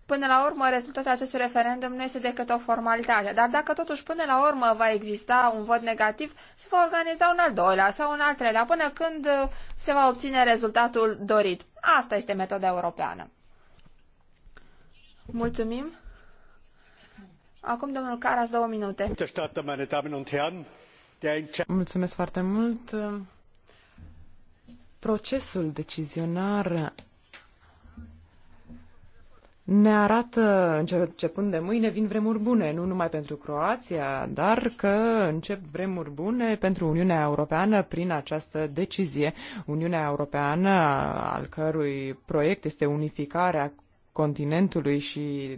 Până la urmă, rezultatul acestui referendum nu este decât o formalitate, dar dacă totuși până la urmă va exista un vot negativ, se va organiza un al doilea sau un al treilea până când uh, se va obține rezultatul dorit. Asta este metoda europeană. Mulțumim! Acum domnul Caras, două minute. Mulțumesc foarte mult. Procesul decizionar ne arată, începând de mâine, vin vremuri bune, nu numai pentru Croația, dar că încep vremuri bune pentru Uniunea Europeană prin această decizie. Uniunea Europeană, al cărui proiect este unificarea continentului și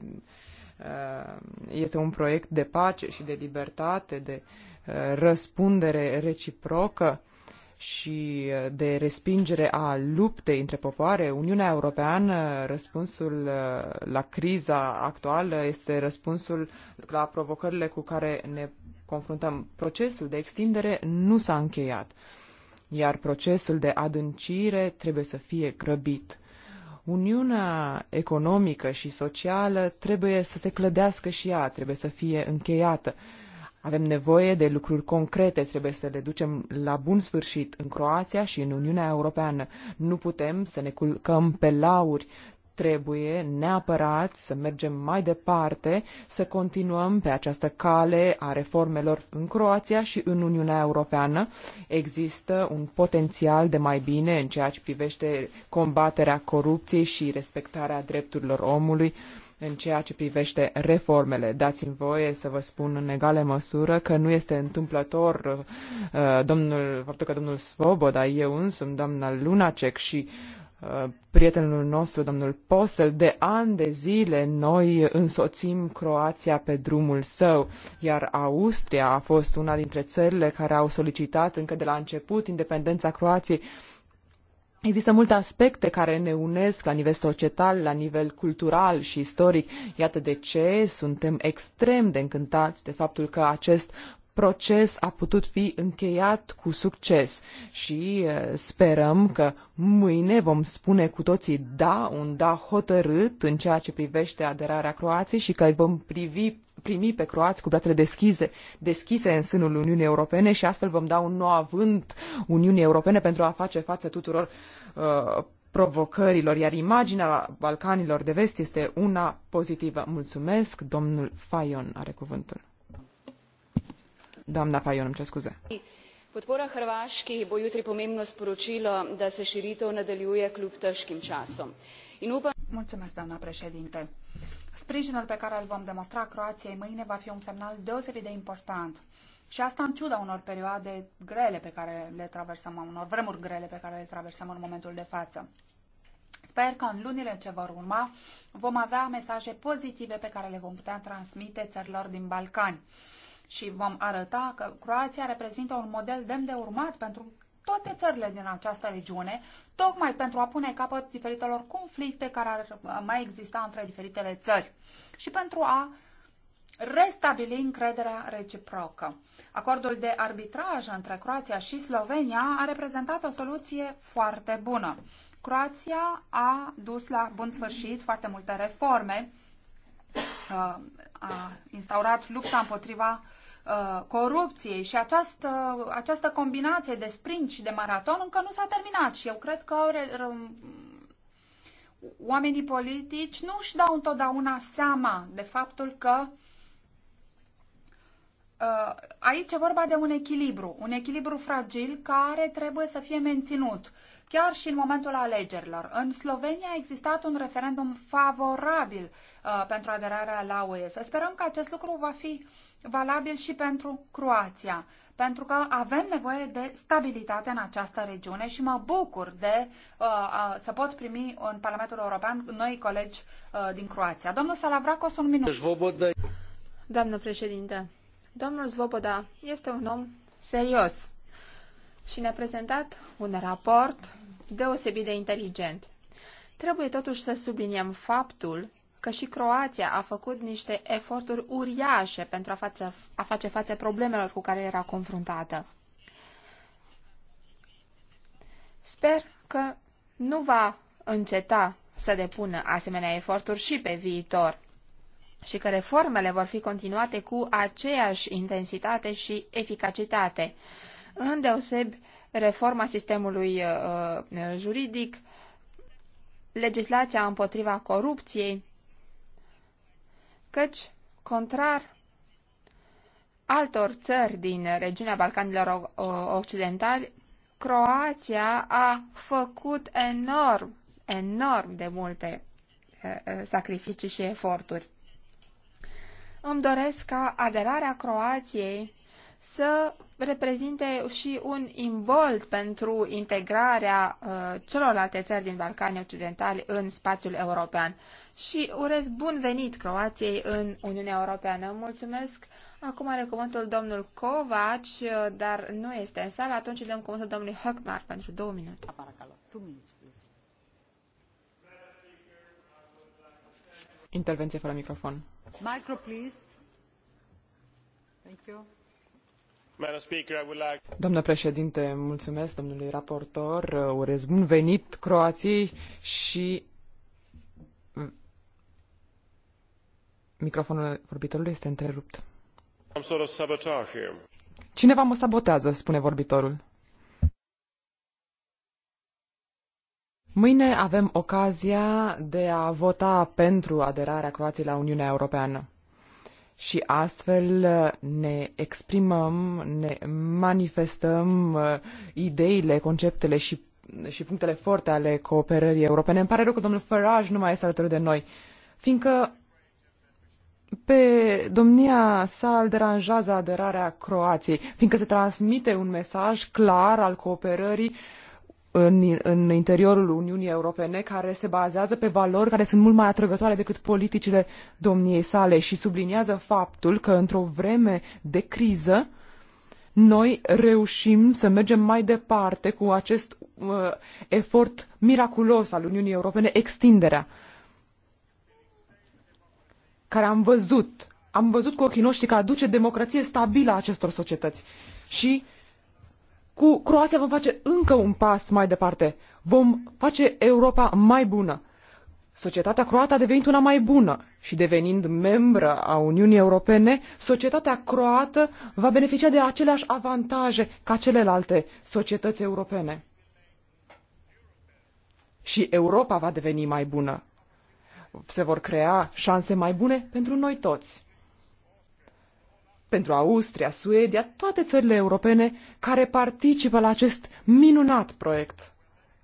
este un proiect de pace și de libertate, de uh, răspundere reciprocă și uh, de respingere a luptei între popoare. Uniunea Europeană, răspunsul uh, la criza actuală este răspunsul la provocările cu care ne confruntăm. Procesul de extindere nu s-a încheiat, iar procesul de adâncire trebuie să fie grăbit. Uniunea economică și socială trebuie să se clădească și ea, trebuie să fie încheiată. Avem nevoie de lucruri concrete, trebuie să le ducem la bun sfârșit în Croația și în Uniunea Europeană. Nu putem să ne culcăm pe lauri, trebuie neapărat să mergem mai departe, să continuăm pe această cale a reformelor în Croația și în Uniunea Europeană. Există un potențial de mai bine în ceea ce privește combaterea corupției și respectarea drepturilor omului în ceea ce privește reformele. Dați-mi voie să vă spun în egală măsură că nu este întâmplător uh, domnul, faptul că domnul Svoboda, eu însumi, doamna Lunacek și uh, Uh, prietenul nostru, domnul Posel, de ani de zile noi însoțim Croația pe drumul său, iar Austria a fost una dintre țările care au solicitat încă de la început independența Croației. Există multe aspecte care ne unesc la nivel societal, la nivel cultural și istoric. Iată de ce suntem extrem de încântați de faptul că acest proces a putut fi încheiat cu succes și eh, sperăm că mâine vom spune cu toții da, un da hotărât în ceea ce privește aderarea Croației și că îi vom privi, primi pe croați cu brațele deschise, deschise în sânul Uniunii Europene și astfel vom da un nou avânt Uniunii Europene pentru a face față tuturor uh, provocărilor, iar imaginea Balcanilor de vest este una pozitivă. Mulțumesc, domnul Fayon are cuvântul. Podpora Hrvaški bo jutri pomembno sporočilo, da se širitev nadaljuje kljub težkim časom. In upam... Sprijinul pe care îl vom demonstra Croației mâine va fi un semnal deosebit de important. Și asta în ciuda unor perioade grele pe care le traversăm, unor vremuri grele pe care le traversăm în momentul de față. Sper că în lunile ce vor urma vom avea mesaje pozitive pe care le vom putea transmite țărilor din Balcani și vom arăta că Croația reprezintă un model demn de urmat pentru toate țările din această regiune, tocmai pentru a pune capăt diferitelor conflicte care ar uh, mai exista între diferitele țări și pentru a restabili încrederea reciprocă. Acordul de arbitraj între Croația și Slovenia a reprezentat o soluție foarte bună. Croația a dus la bun sfârșit foarte multe reforme, uh, a instaurat lupta împotriva Uh, corupției și această, această combinație de sprint și de maraton încă nu s-a terminat și eu cred că oamenii politici nu își dau întotdeauna seama de faptul că uh, aici e vorba de un echilibru, un echilibru fragil care trebuie să fie menținut chiar și în momentul alegerilor. În Slovenia a existat un referendum favorabil uh, pentru aderarea la UE. Să sperăm că acest lucru va fi valabil și pentru Croația, pentru că avem nevoie de stabilitate în această regiune și mă bucur de uh, uh, să pot primi în Parlamentul European noi colegi uh, din Croația. Domnul Salavracos, un minut. Doamnă președinte, domnul Zvoboda este un om serios și ne-a prezentat un raport deosebit de inteligent. Trebuie totuși să subliniem faptul că și Croația a făcut niște eforturi uriașe pentru a, face a face față problemelor cu care era confruntată. Sper că nu va înceta să depună asemenea eforturi și pe viitor și că reformele vor fi continuate cu aceeași intensitate și eficacitate, îndeosebi reforma sistemului uh, uh juridic, legislația împotriva corupției căci, contrar altor țări din regiunea Balcanilor Occidentali, Croația a făcut enorm, enorm de multe sacrificii și eforturi. Îmi doresc ca aderarea Croației să reprezinte și un imbold pentru integrarea uh, celorlalte țări din Balcanii Occidentali în spațiul european și urez bun venit Croației în Uniunea Europeană. Mulțumesc! Acum are cuvântul domnul Covaci, dar nu este în sală. Atunci dăm cuvântul domnului Höckmar pentru două minute. Intervenție fără microfon. Micro, please. Thank you. Doamnă președinte, mulțumesc domnului raportor, urez bun venit Croației și Microfonul vorbitorului este întrerupt. Cineva mă sabotează, spune vorbitorul. Mâine avem ocazia de a vota pentru aderarea Croației la Uniunea Europeană. Și astfel ne exprimăm, ne manifestăm uh, ideile, conceptele și, și punctele forte ale cooperării europene. Îmi pare rău că domnul Farage nu mai este alături de noi, fiindcă pe domnia sa îl deranjează aderarea Croației, fiindcă se transmite un mesaj clar al cooperării în, în interiorul Uniunii Europene, care se bazează pe valori care sunt mult mai atrăgătoare decât politicile domniei sale și subliniază faptul că într-o vreme de criză, noi reușim să mergem mai departe cu acest uh, efort miraculos al Uniunii Europene, extinderea. Uh, care am văzut, am văzut cu ochii noștri că aduce democrație stabilă a acestor societăți. Și cu Croația vom face încă un pas mai departe. Vom face Europa mai bună. Societatea croată a devenit una mai bună și devenind membră a Uniunii Europene, societatea croată va beneficia de aceleași avantaje ca celelalte societăți europene. Și Europa va deveni mai bună se vor crea șanse mai bune pentru noi toți. Pentru Austria, Suedia, toate țările europene care participă la acest minunat proiect.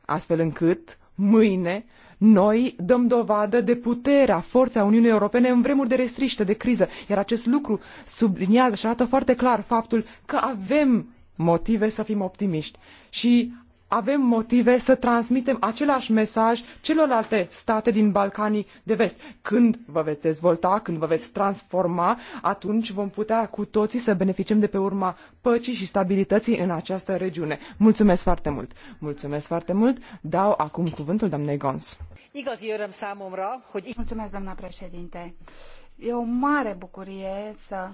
Astfel încât, mâine, noi dăm dovadă de puterea, forța Uniunii Europene în vremuri de restriște, de criză, iar acest lucru subliniază și arată foarte clar faptul că avem motive să fim optimiști. Și avem motive să transmitem același mesaj celorlalte state din Balcanii de vest. Când vă veți dezvolta, când vă veți transforma, atunci vom putea cu toții să beneficiem de pe urma păcii și stabilității în această regiune. Mulțumesc foarte mult! Mulțumesc foarte mult! Dau acum cuvântul doamnei Gons. Mulțumesc, doamna președinte! E o mare bucurie să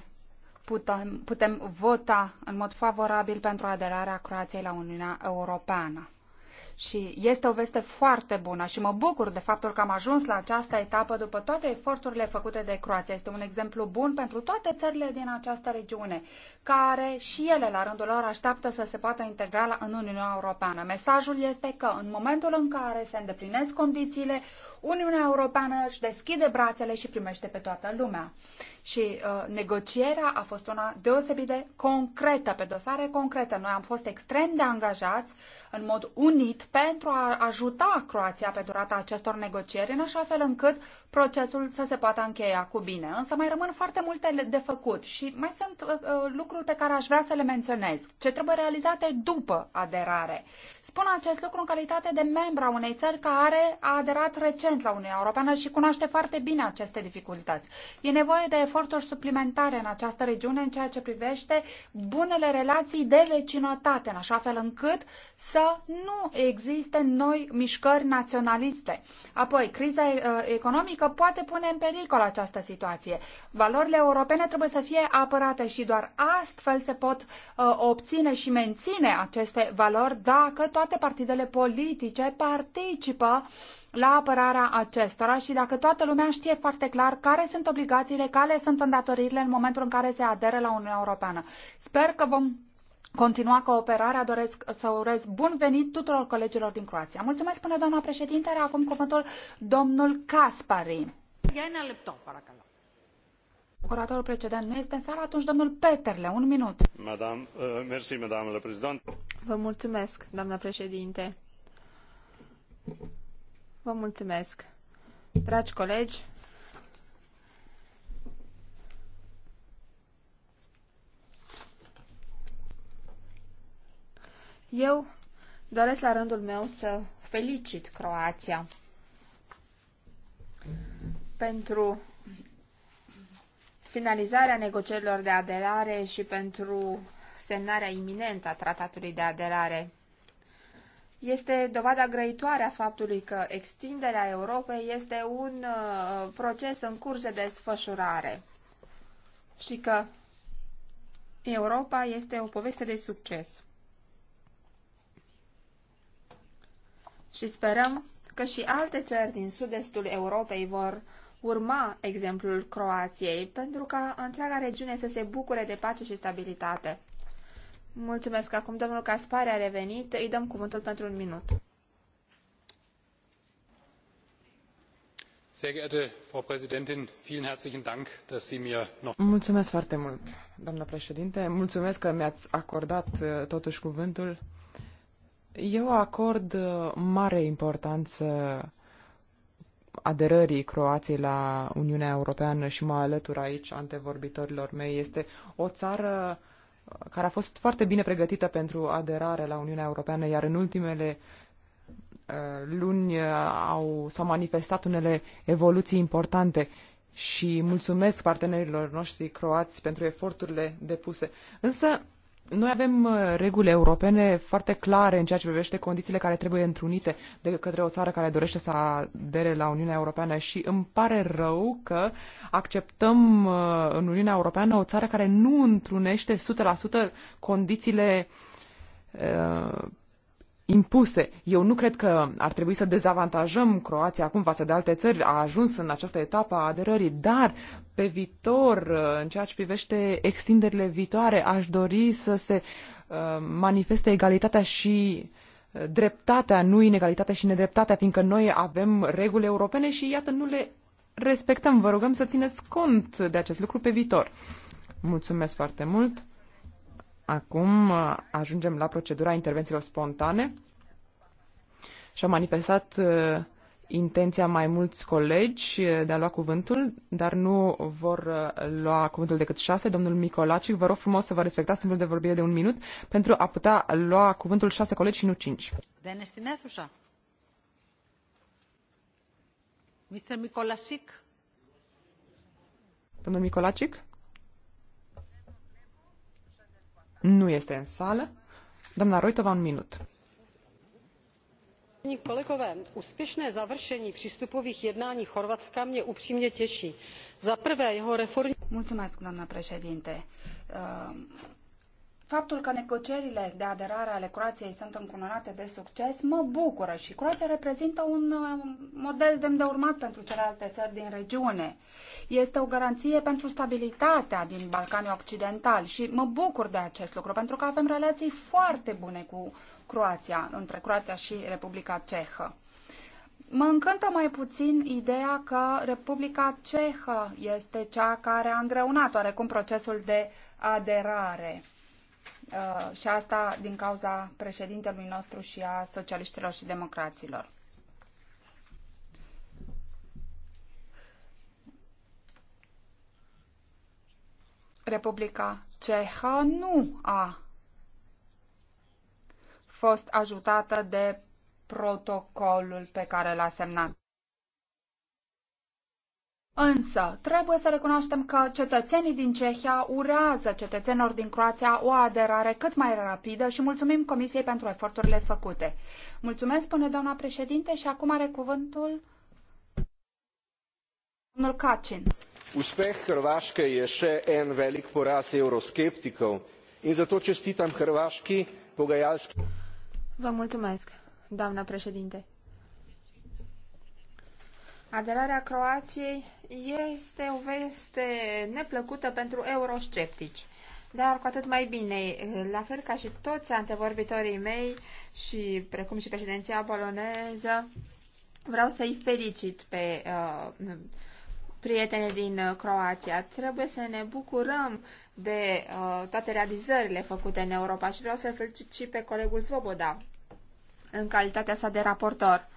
putem, putem vota în mod favorabil pentru aderarea Croației la Uniunea Europeană. Și este o veste foarte bună și mă bucur de faptul că am ajuns la această etapă după toate eforturile făcute de Croația. Este un exemplu bun pentru toate țările din această regiune, care și ele, la rândul lor, așteaptă să se poată integra în Uniunea Europeană. Mesajul este că în momentul în care se îndeplinesc condițiile, Uniunea Europeană își deschide brațele și primește pe toată lumea. Și uh, negocierea a fost una deosebit de concretă, pe dosare concretă. Noi am fost extrem de angajați în mod unit pentru a ajuta Croația pe durata acestor negocieri, în așa fel încât procesul să se poată încheia cu bine. Însă mai rămân foarte multe de făcut și mai sunt uh, uh lucruri pe care aș vrea să le menționez, ce trebuie realizate după aderare. Spun acest lucru în calitate de membra unei țări care a aderat recent prezent la Uniunea Europeană și cunoaște foarte bine aceste dificultăți. E nevoie de eforturi suplimentare în această regiune în ceea ce privește bunele relații de vecinătate, în așa fel încât să nu existe noi mișcări naționaliste. Apoi, criza uh, economică poate pune în pericol această situație. Valorile europene trebuie să fie apărate și doar astfel se pot uh, obține și menține aceste valori dacă toate partidele politice participă la apărarea acestora și dacă toată lumea știe foarte clar care sunt obligațiile, care sunt îndatoririle în momentul în care se aderă la Uniunea Europeană. Sper că vom continua cooperarea. Doresc să urez bun venit tuturor colegilor din Croația. Mulțumesc, până doamna președinte. Are acum cuvântul domnul Caspari. Oratorul precedent nu este în sală, atunci domnul Peterle, un minut. Madame, uh, merci, madame la Vă mulțumesc, doamna președinte. Vă mulțumesc. Dragi colegi, eu doresc la rândul meu să felicit Croația pentru finalizarea negocierilor de aderare și pentru semnarea iminentă a tratatului de aderare este dovada grăitoare a faptului că extinderea Europei este un uh, proces în curs de desfășurare și că Europa este o poveste de succes. Și sperăm că și alte țări din sud-estul Europei vor urma exemplul Croației pentru ca întreaga regiune să se bucure de pace și stabilitate. Mulțumesc. Acum domnul Caspare a revenit. Îi dăm cuvântul pentru un minut. Mulțumesc foarte mult, doamnă președinte. Mulțumesc că mi-ați acordat uh, totuși cuvântul. Eu acord uh, mare importanță aderării Croației la Uniunea Europeană și mă alătur aici antevorbitorilor mei. Este o țară uh, care a fost foarte bine pregătită pentru aderare la Uniunea Europeană, iar în ultimele uh, luni uh, au, s-au manifestat unele evoluții importante și mulțumesc partenerilor noștri croați pentru eforturile depuse. Însă noi avem uh, reguli europene foarte clare în ceea ce privește condițiile care trebuie întrunite de către o țară care dorește să adere la Uniunea Europeană și îmi pare rău că acceptăm uh, în Uniunea Europeană o țară care nu întrunește 100% condițiile uh, impuse. Eu nu cred că ar trebui să dezavantajăm Croația acum față de alte țări. A ajuns în această etapă a aderării, dar pe viitor, uh, în ceea ce privește extinderile viitoare, aș dori să se uh, manifeste egalitatea și uh, dreptatea, nu inegalitatea și nedreptatea, fiindcă noi avem reguli europene și iată nu le respectăm. Vă rugăm să țineți cont de acest lucru pe viitor. Mulțumesc foarte mult. Acum uh, ajungem la procedura intervențiilor spontane și-au manifestat uh, intenția mai mulți colegi uh, de a lua cuvântul, dar nu vor uh, lua cuvântul decât șase. Domnul Micolaci, vă rog frumos să vă respectați timpul de vorbire de un minut pentru a putea lua cuvântul șase colegi și nu cinci. Mr. Micolacic? Domnul Micolacic? nu este în sală. Doamna Roitova, un minut. Kolegové, úspěšné završení přístupových jednání Chorvatska mě upřímně těší. Za prvé jeho reformní... Mulțumesc, doamna președinte. Uh Faptul că negocierile de aderare ale Croației sunt încununate de succes mă bucură și Croația reprezintă un uh, model demn de urmat pentru celelalte țări din regiune. Este o garanție pentru stabilitatea din Balcanii Occidental și mă bucur de acest lucru pentru că avem relații foarte bune cu Croația, între Croația și Republica Cehă. Mă încântă mai puțin ideea că Republica Cehă este cea care a îngreunat oarecum procesul de aderare. Uh, și asta din cauza președintelui nostru și a socialiștilor și democraților. Republica Cehă nu a fost ajutată de protocolul pe care l-a semnat. Însă, trebuie să recunoaștem că cetățenii din Cehia urează cetățenilor din Croația o aderare cât mai rapidă și mulțumim Comisiei pentru eforturile făcute. Mulțumesc, spune doamna președinte, și acum are cuvântul domnul Kacin. Uspeh Hrvașcă je și en velik poraz euroskeptikov În zato čestitam Hrvaški pogajalski. Vă mulțumesc, doamna președinte. Aderarea Croației este o veste neplăcută pentru eurosceptici. Dar cu atât mai bine, la fel ca și toți antevorbitorii mei și precum și președinția poloneză, vreau să-i felicit pe uh, prietene din Croația. Trebuie să ne bucurăm de uh, toate realizările făcute în Europa și vreau să felicit și pe colegul Svoboda în calitatea sa de raportor.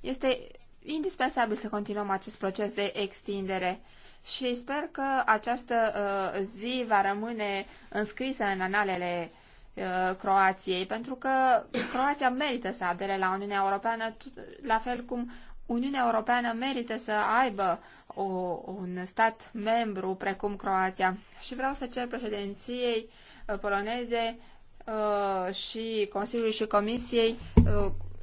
Este indispensabil să continuăm acest proces de extindere și sper că această uh, zi va rămâne înscrisă în analele uh, Croației, pentru că Croația merită să adere la Uniunea Europeană, la fel cum Uniunea Europeană merită să aibă o, un stat membru precum Croația. Și vreau să cer președinției uh, poloneze uh, și Consiliului și Comisiei uh,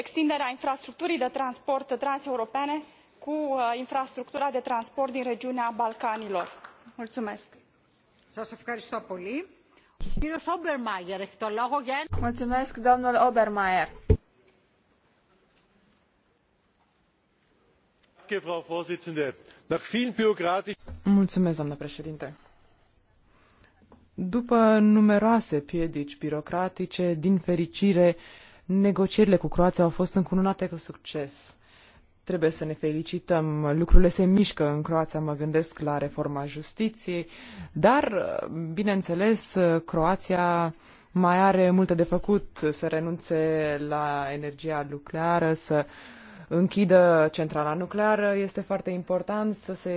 extinderea infrastructurii de transport transeuropene cu uh, infrastructura de transport din regiunea balcanilor. Mulțumesc. Mulțumesc, președinte. După numeroase piedici birocratice, din fericire, negocierile cu Croația au fost încununate cu succes. Trebuie să ne felicităm, lucrurile se mișcă în Croația, mă gândesc la reforma justiției, dar, bineînțeles, Croația mai are multe de făcut, să renunțe la energia nucleară, să uh, închidă centrala nucleară, este foarte important să se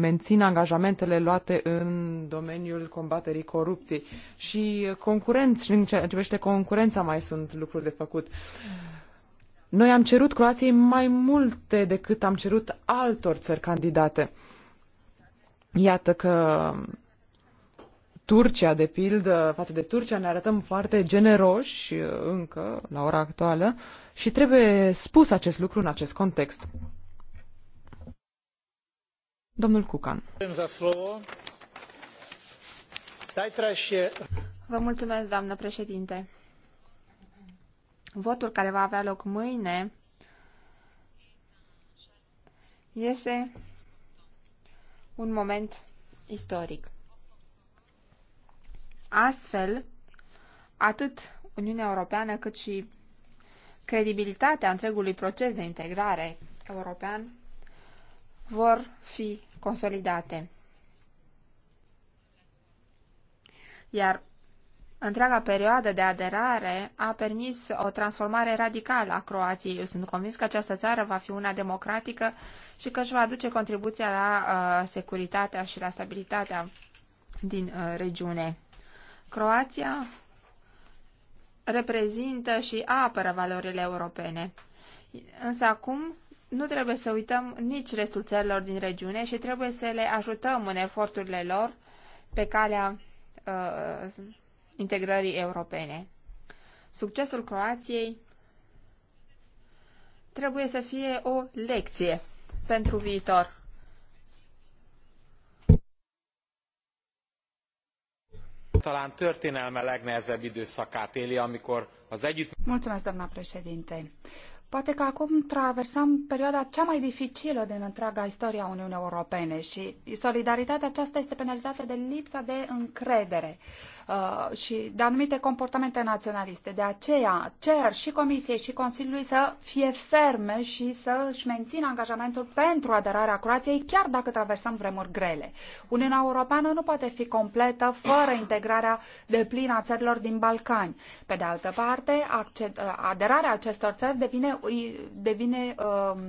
mențină angajamentele luate în domeniul combaterii corupției. Și concurenți, în ce concurența, mai sunt lucruri de făcut. Noi am cerut Croației mai multe decât am cerut altor țări candidate. Iată că Turcia, de pildă, față de Turcia ne arătăm foarte generoși uh, încă la ora actuală și trebuie spus acest lucru în acest context. Domnul Cucan. Vă mulțumesc, doamnă președinte. Votul care va avea loc mâine este un moment istoric. Astfel, atât Uniunea Europeană cât și credibilitatea întregului proces de integrare european vor fi consolidate. Iar întreaga perioadă de aderare a permis o transformare radicală a Croației. Eu sunt convins că această țară va fi una democratică și că își va aduce contribuția la uh, securitatea și la stabilitatea din uh, regiune. Croația reprezintă și apără valorile europene. Însă acum nu trebuie să uităm nici restul țărilor din regiune și trebuie să le ajutăm în eforturile lor pe calea uh, integrării europene. Succesul Croației trebuie să fie o lecție pentru viitor. talán történelme legnehezebb időszakát éli, amikor az együtt... Mulțumesc, doamna președinte. Poate că acum traversăm perioada cea mai dificilă din întreaga istoria Uniunii Europene și solidaritatea aceasta este penalizată de lipsa de încredere uh, și de anumite comportamente naționaliste. De aceea cer și Comisiei și Consiliului să fie ferme și să își mențină angajamentul pentru aderarea Croației, chiar dacă traversăm vremuri grele. Uniunea Europeană nu poate fi completă fără integrarea de plină a țărilor din Balcani. Pe de altă parte, uh, aderarea acestor țări devine, devine uh,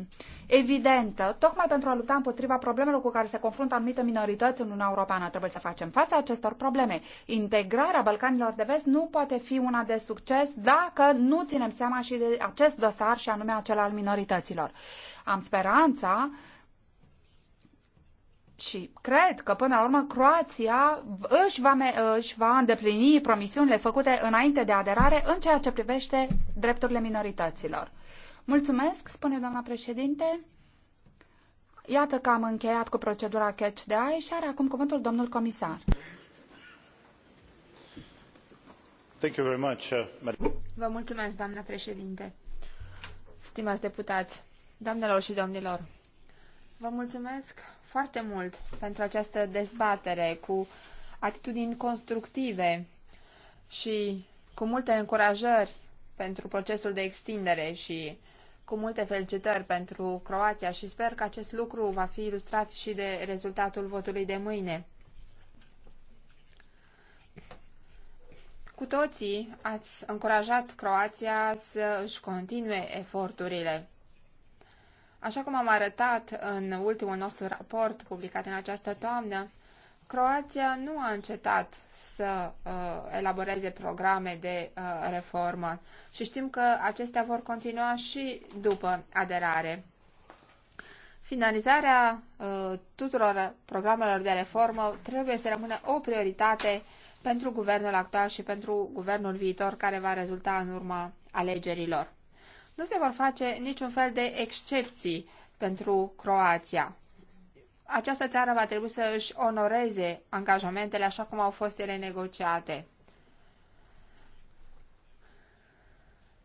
evidentă, tocmai pentru a lupta împotriva problemelor cu care se confruntă anumite minorități în Uniunea Europeană. Trebuie să facem față acestor probleme. Integrarea integrarea Balcanilor de Vest nu poate fi una de succes dacă nu ținem seama și de acest dosar și anume acela al minorităților. Am speranța și cred că până la urmă Croația își va, își va îndeplini promisiunile făcute înainte de aderare în ceea ce privește drepturile minorităților. Mulțumesc, spune doamna președinte. Iată că am încheiat cu procedura catch de aici și are acum cuvântul domnul comisar. Uh, vă mulțumesc, președinte. deputați, și mulțumesc foarte mult pentru această dezbatere cu atitudini constructive și cu multe încurajări pentru procesul de extindere și cu multe felicitări pentru Croația și sper că acest lucru va fi ilustrat și de rezultatul votului de mâine. Cu toții ați încurajat Croația să își continue eforturile. Așa cum am arătat în ultimul nostru raport publicat în această toamnă, Croația nu a încetat să uh, elaboreze programe de uh, reformă și știm că acestea vor continua și după aderare. Finalizarea uh, tuturor programelor de reformă trebuie să rămână o prioritate pentru guvernul actual și pentru guvernul viitor care va rezulta în urma alegerilor. Nu se vor face niciun fel de excepții pentru Croația. Această țară va trebui să își onoreze angajamentele așa cum au fost ele negociate.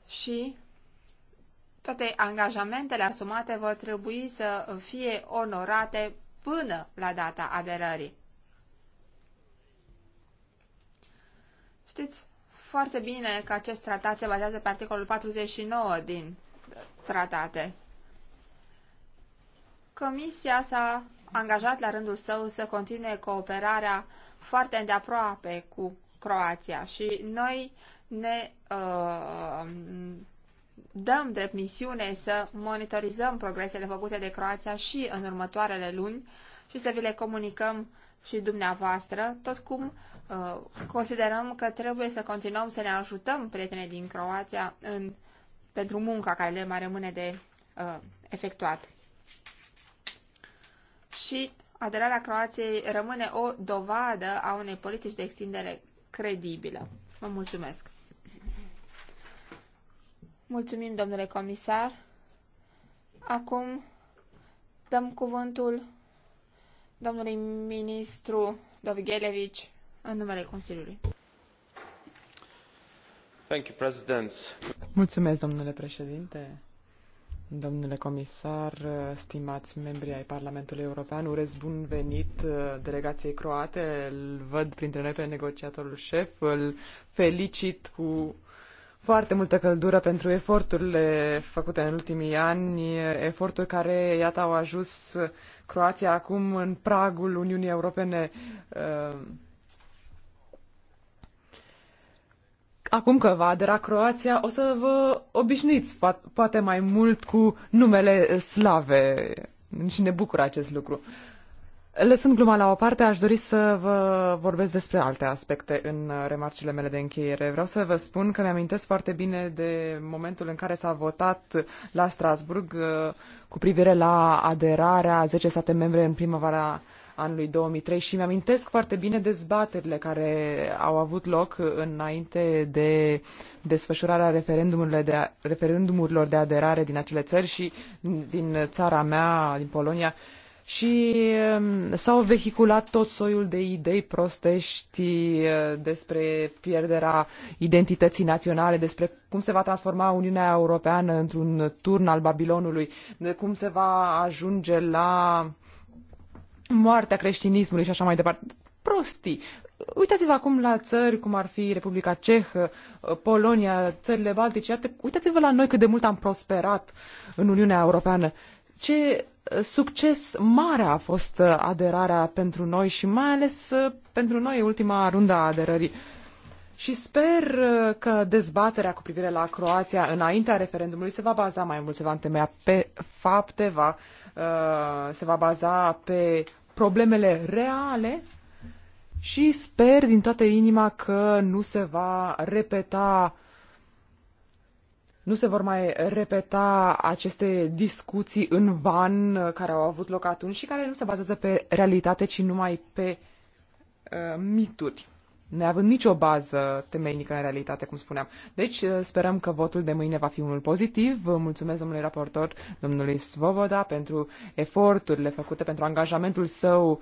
Și toate angajamentele asumate vor trebui să fie onorate până la data aderării. Știți foarte bine că acest tratat se bazează pe articolul 49 din tratate. Comisia s-a angajat la rândul său să continue cooperarea foarte îndeaproape cu Croația și noi ne uh, dăm drept misiune să monitorizăm progresele făcute de Croația și în următoarele luni și să vi le comunicăm și dumneavoastră, tot cum uh, considerăm că trebuie să continuăm să ne ajutăm prietenii din Croația în, pentru munca care le mai rămâne de uh, efectuat. Și aderarea Croației rămâne o dovadă a unei politici de extindere credibilă. Vă mulțumesc! Mulțumim, domnule comisar. Acum dăm cuvântul domnului ministru Dovighelevici în numele Consiliului. Thank you, President. Mulțumesc, domnule președinte. Domnule comisar, stimați membri ai Parlamentului European, urez bun venit uh, delegației croate. Îl văd printre noi pe negociatorul șef, îl felicit cu foarte multă căldură pentru eforturile făcute în ultimii ani, eforturi care, iată, au ajuns Croația acum în pragul Uniunii Europene. Uh, acum că va adera Croația, o să vă obișnuiți poate mai mult cu numele slave și ne bucură acest lucru. Lăsând gluma la o parte, aș dori să vă vorbesc despre alte aspecte în uh, remarcile mele de încheiere. Vreau să vă spun că mi-amintesc foarte bine de momentul în care s-a votat la Strasburg uh, cu privire la aderarea 10 state membre în primăvara anului 2003 și mi-amintesc foarte bine dezbaterile care au avut loc înainte de desfășurarea referendumurilor de, referendumurilor de aderare din acele țări și din țara mea, din Polonia și um, s-au vehiculat tot soiul de idei prostești uh, despre pierderea identității naționale, despre cum se va transforma Uniunea Europeană într-un turn al Babilonului, de cum se va ajunge la moartea creștinismului și așa mai departe. Prostii. Uitați-vă acum la țări cum ar fi Republica Cehă, Polonia, țările Baltice. Uitați-vă la noi cât de mult am prosperat în Uniunea Europeană ce uh, succes mare a fost uh, aderarea pentru noi și mai ales uh, pentru noi ultima rundă a aderării. Și sper că dezbaterea cu privire la Croația înaintea referendumului se va baza mai mult, se va întemeia pe fapte, va, se va baza pe problemele reale și sper din toată inima că nu se va repeta nu se vor mai repeta aceste discuții în van uh, care au avut loc atunci și care nu se bazează pe realitate, ci numai pe uh, mituri, neavând nicio bază temeinică în realitate, cum spuneam. Deci uh, sperăm că votul de mâine va fi unul pozitiv. Vă mulțumesc domnului raportor, domnului Svoboda, pentru eforturile făcute, pentru angajamentul său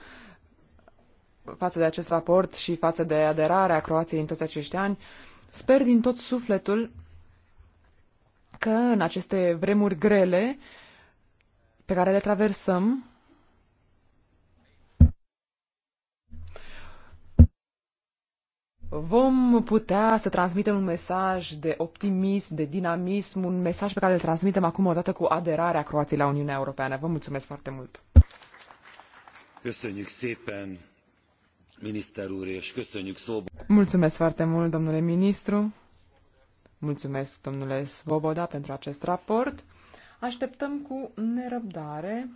față de acest raport și față de aderarea Croației în toți acești ani. Sper din tot sufletul că în aceste vremuri grele pe care le traversăm, vom putea să transmitem un mesaj de optimism, de dinamism, un mesaj pe care îl transmitem acum odată cu aderarea Croației la Uniunea Europeană. Vă mulțumesc foarte mult! Mulțumesc foarte mult, domnule ministru! Mulțumesc, domnule Svoboda, pentru acest raport. Așteptăm cu nerăbdare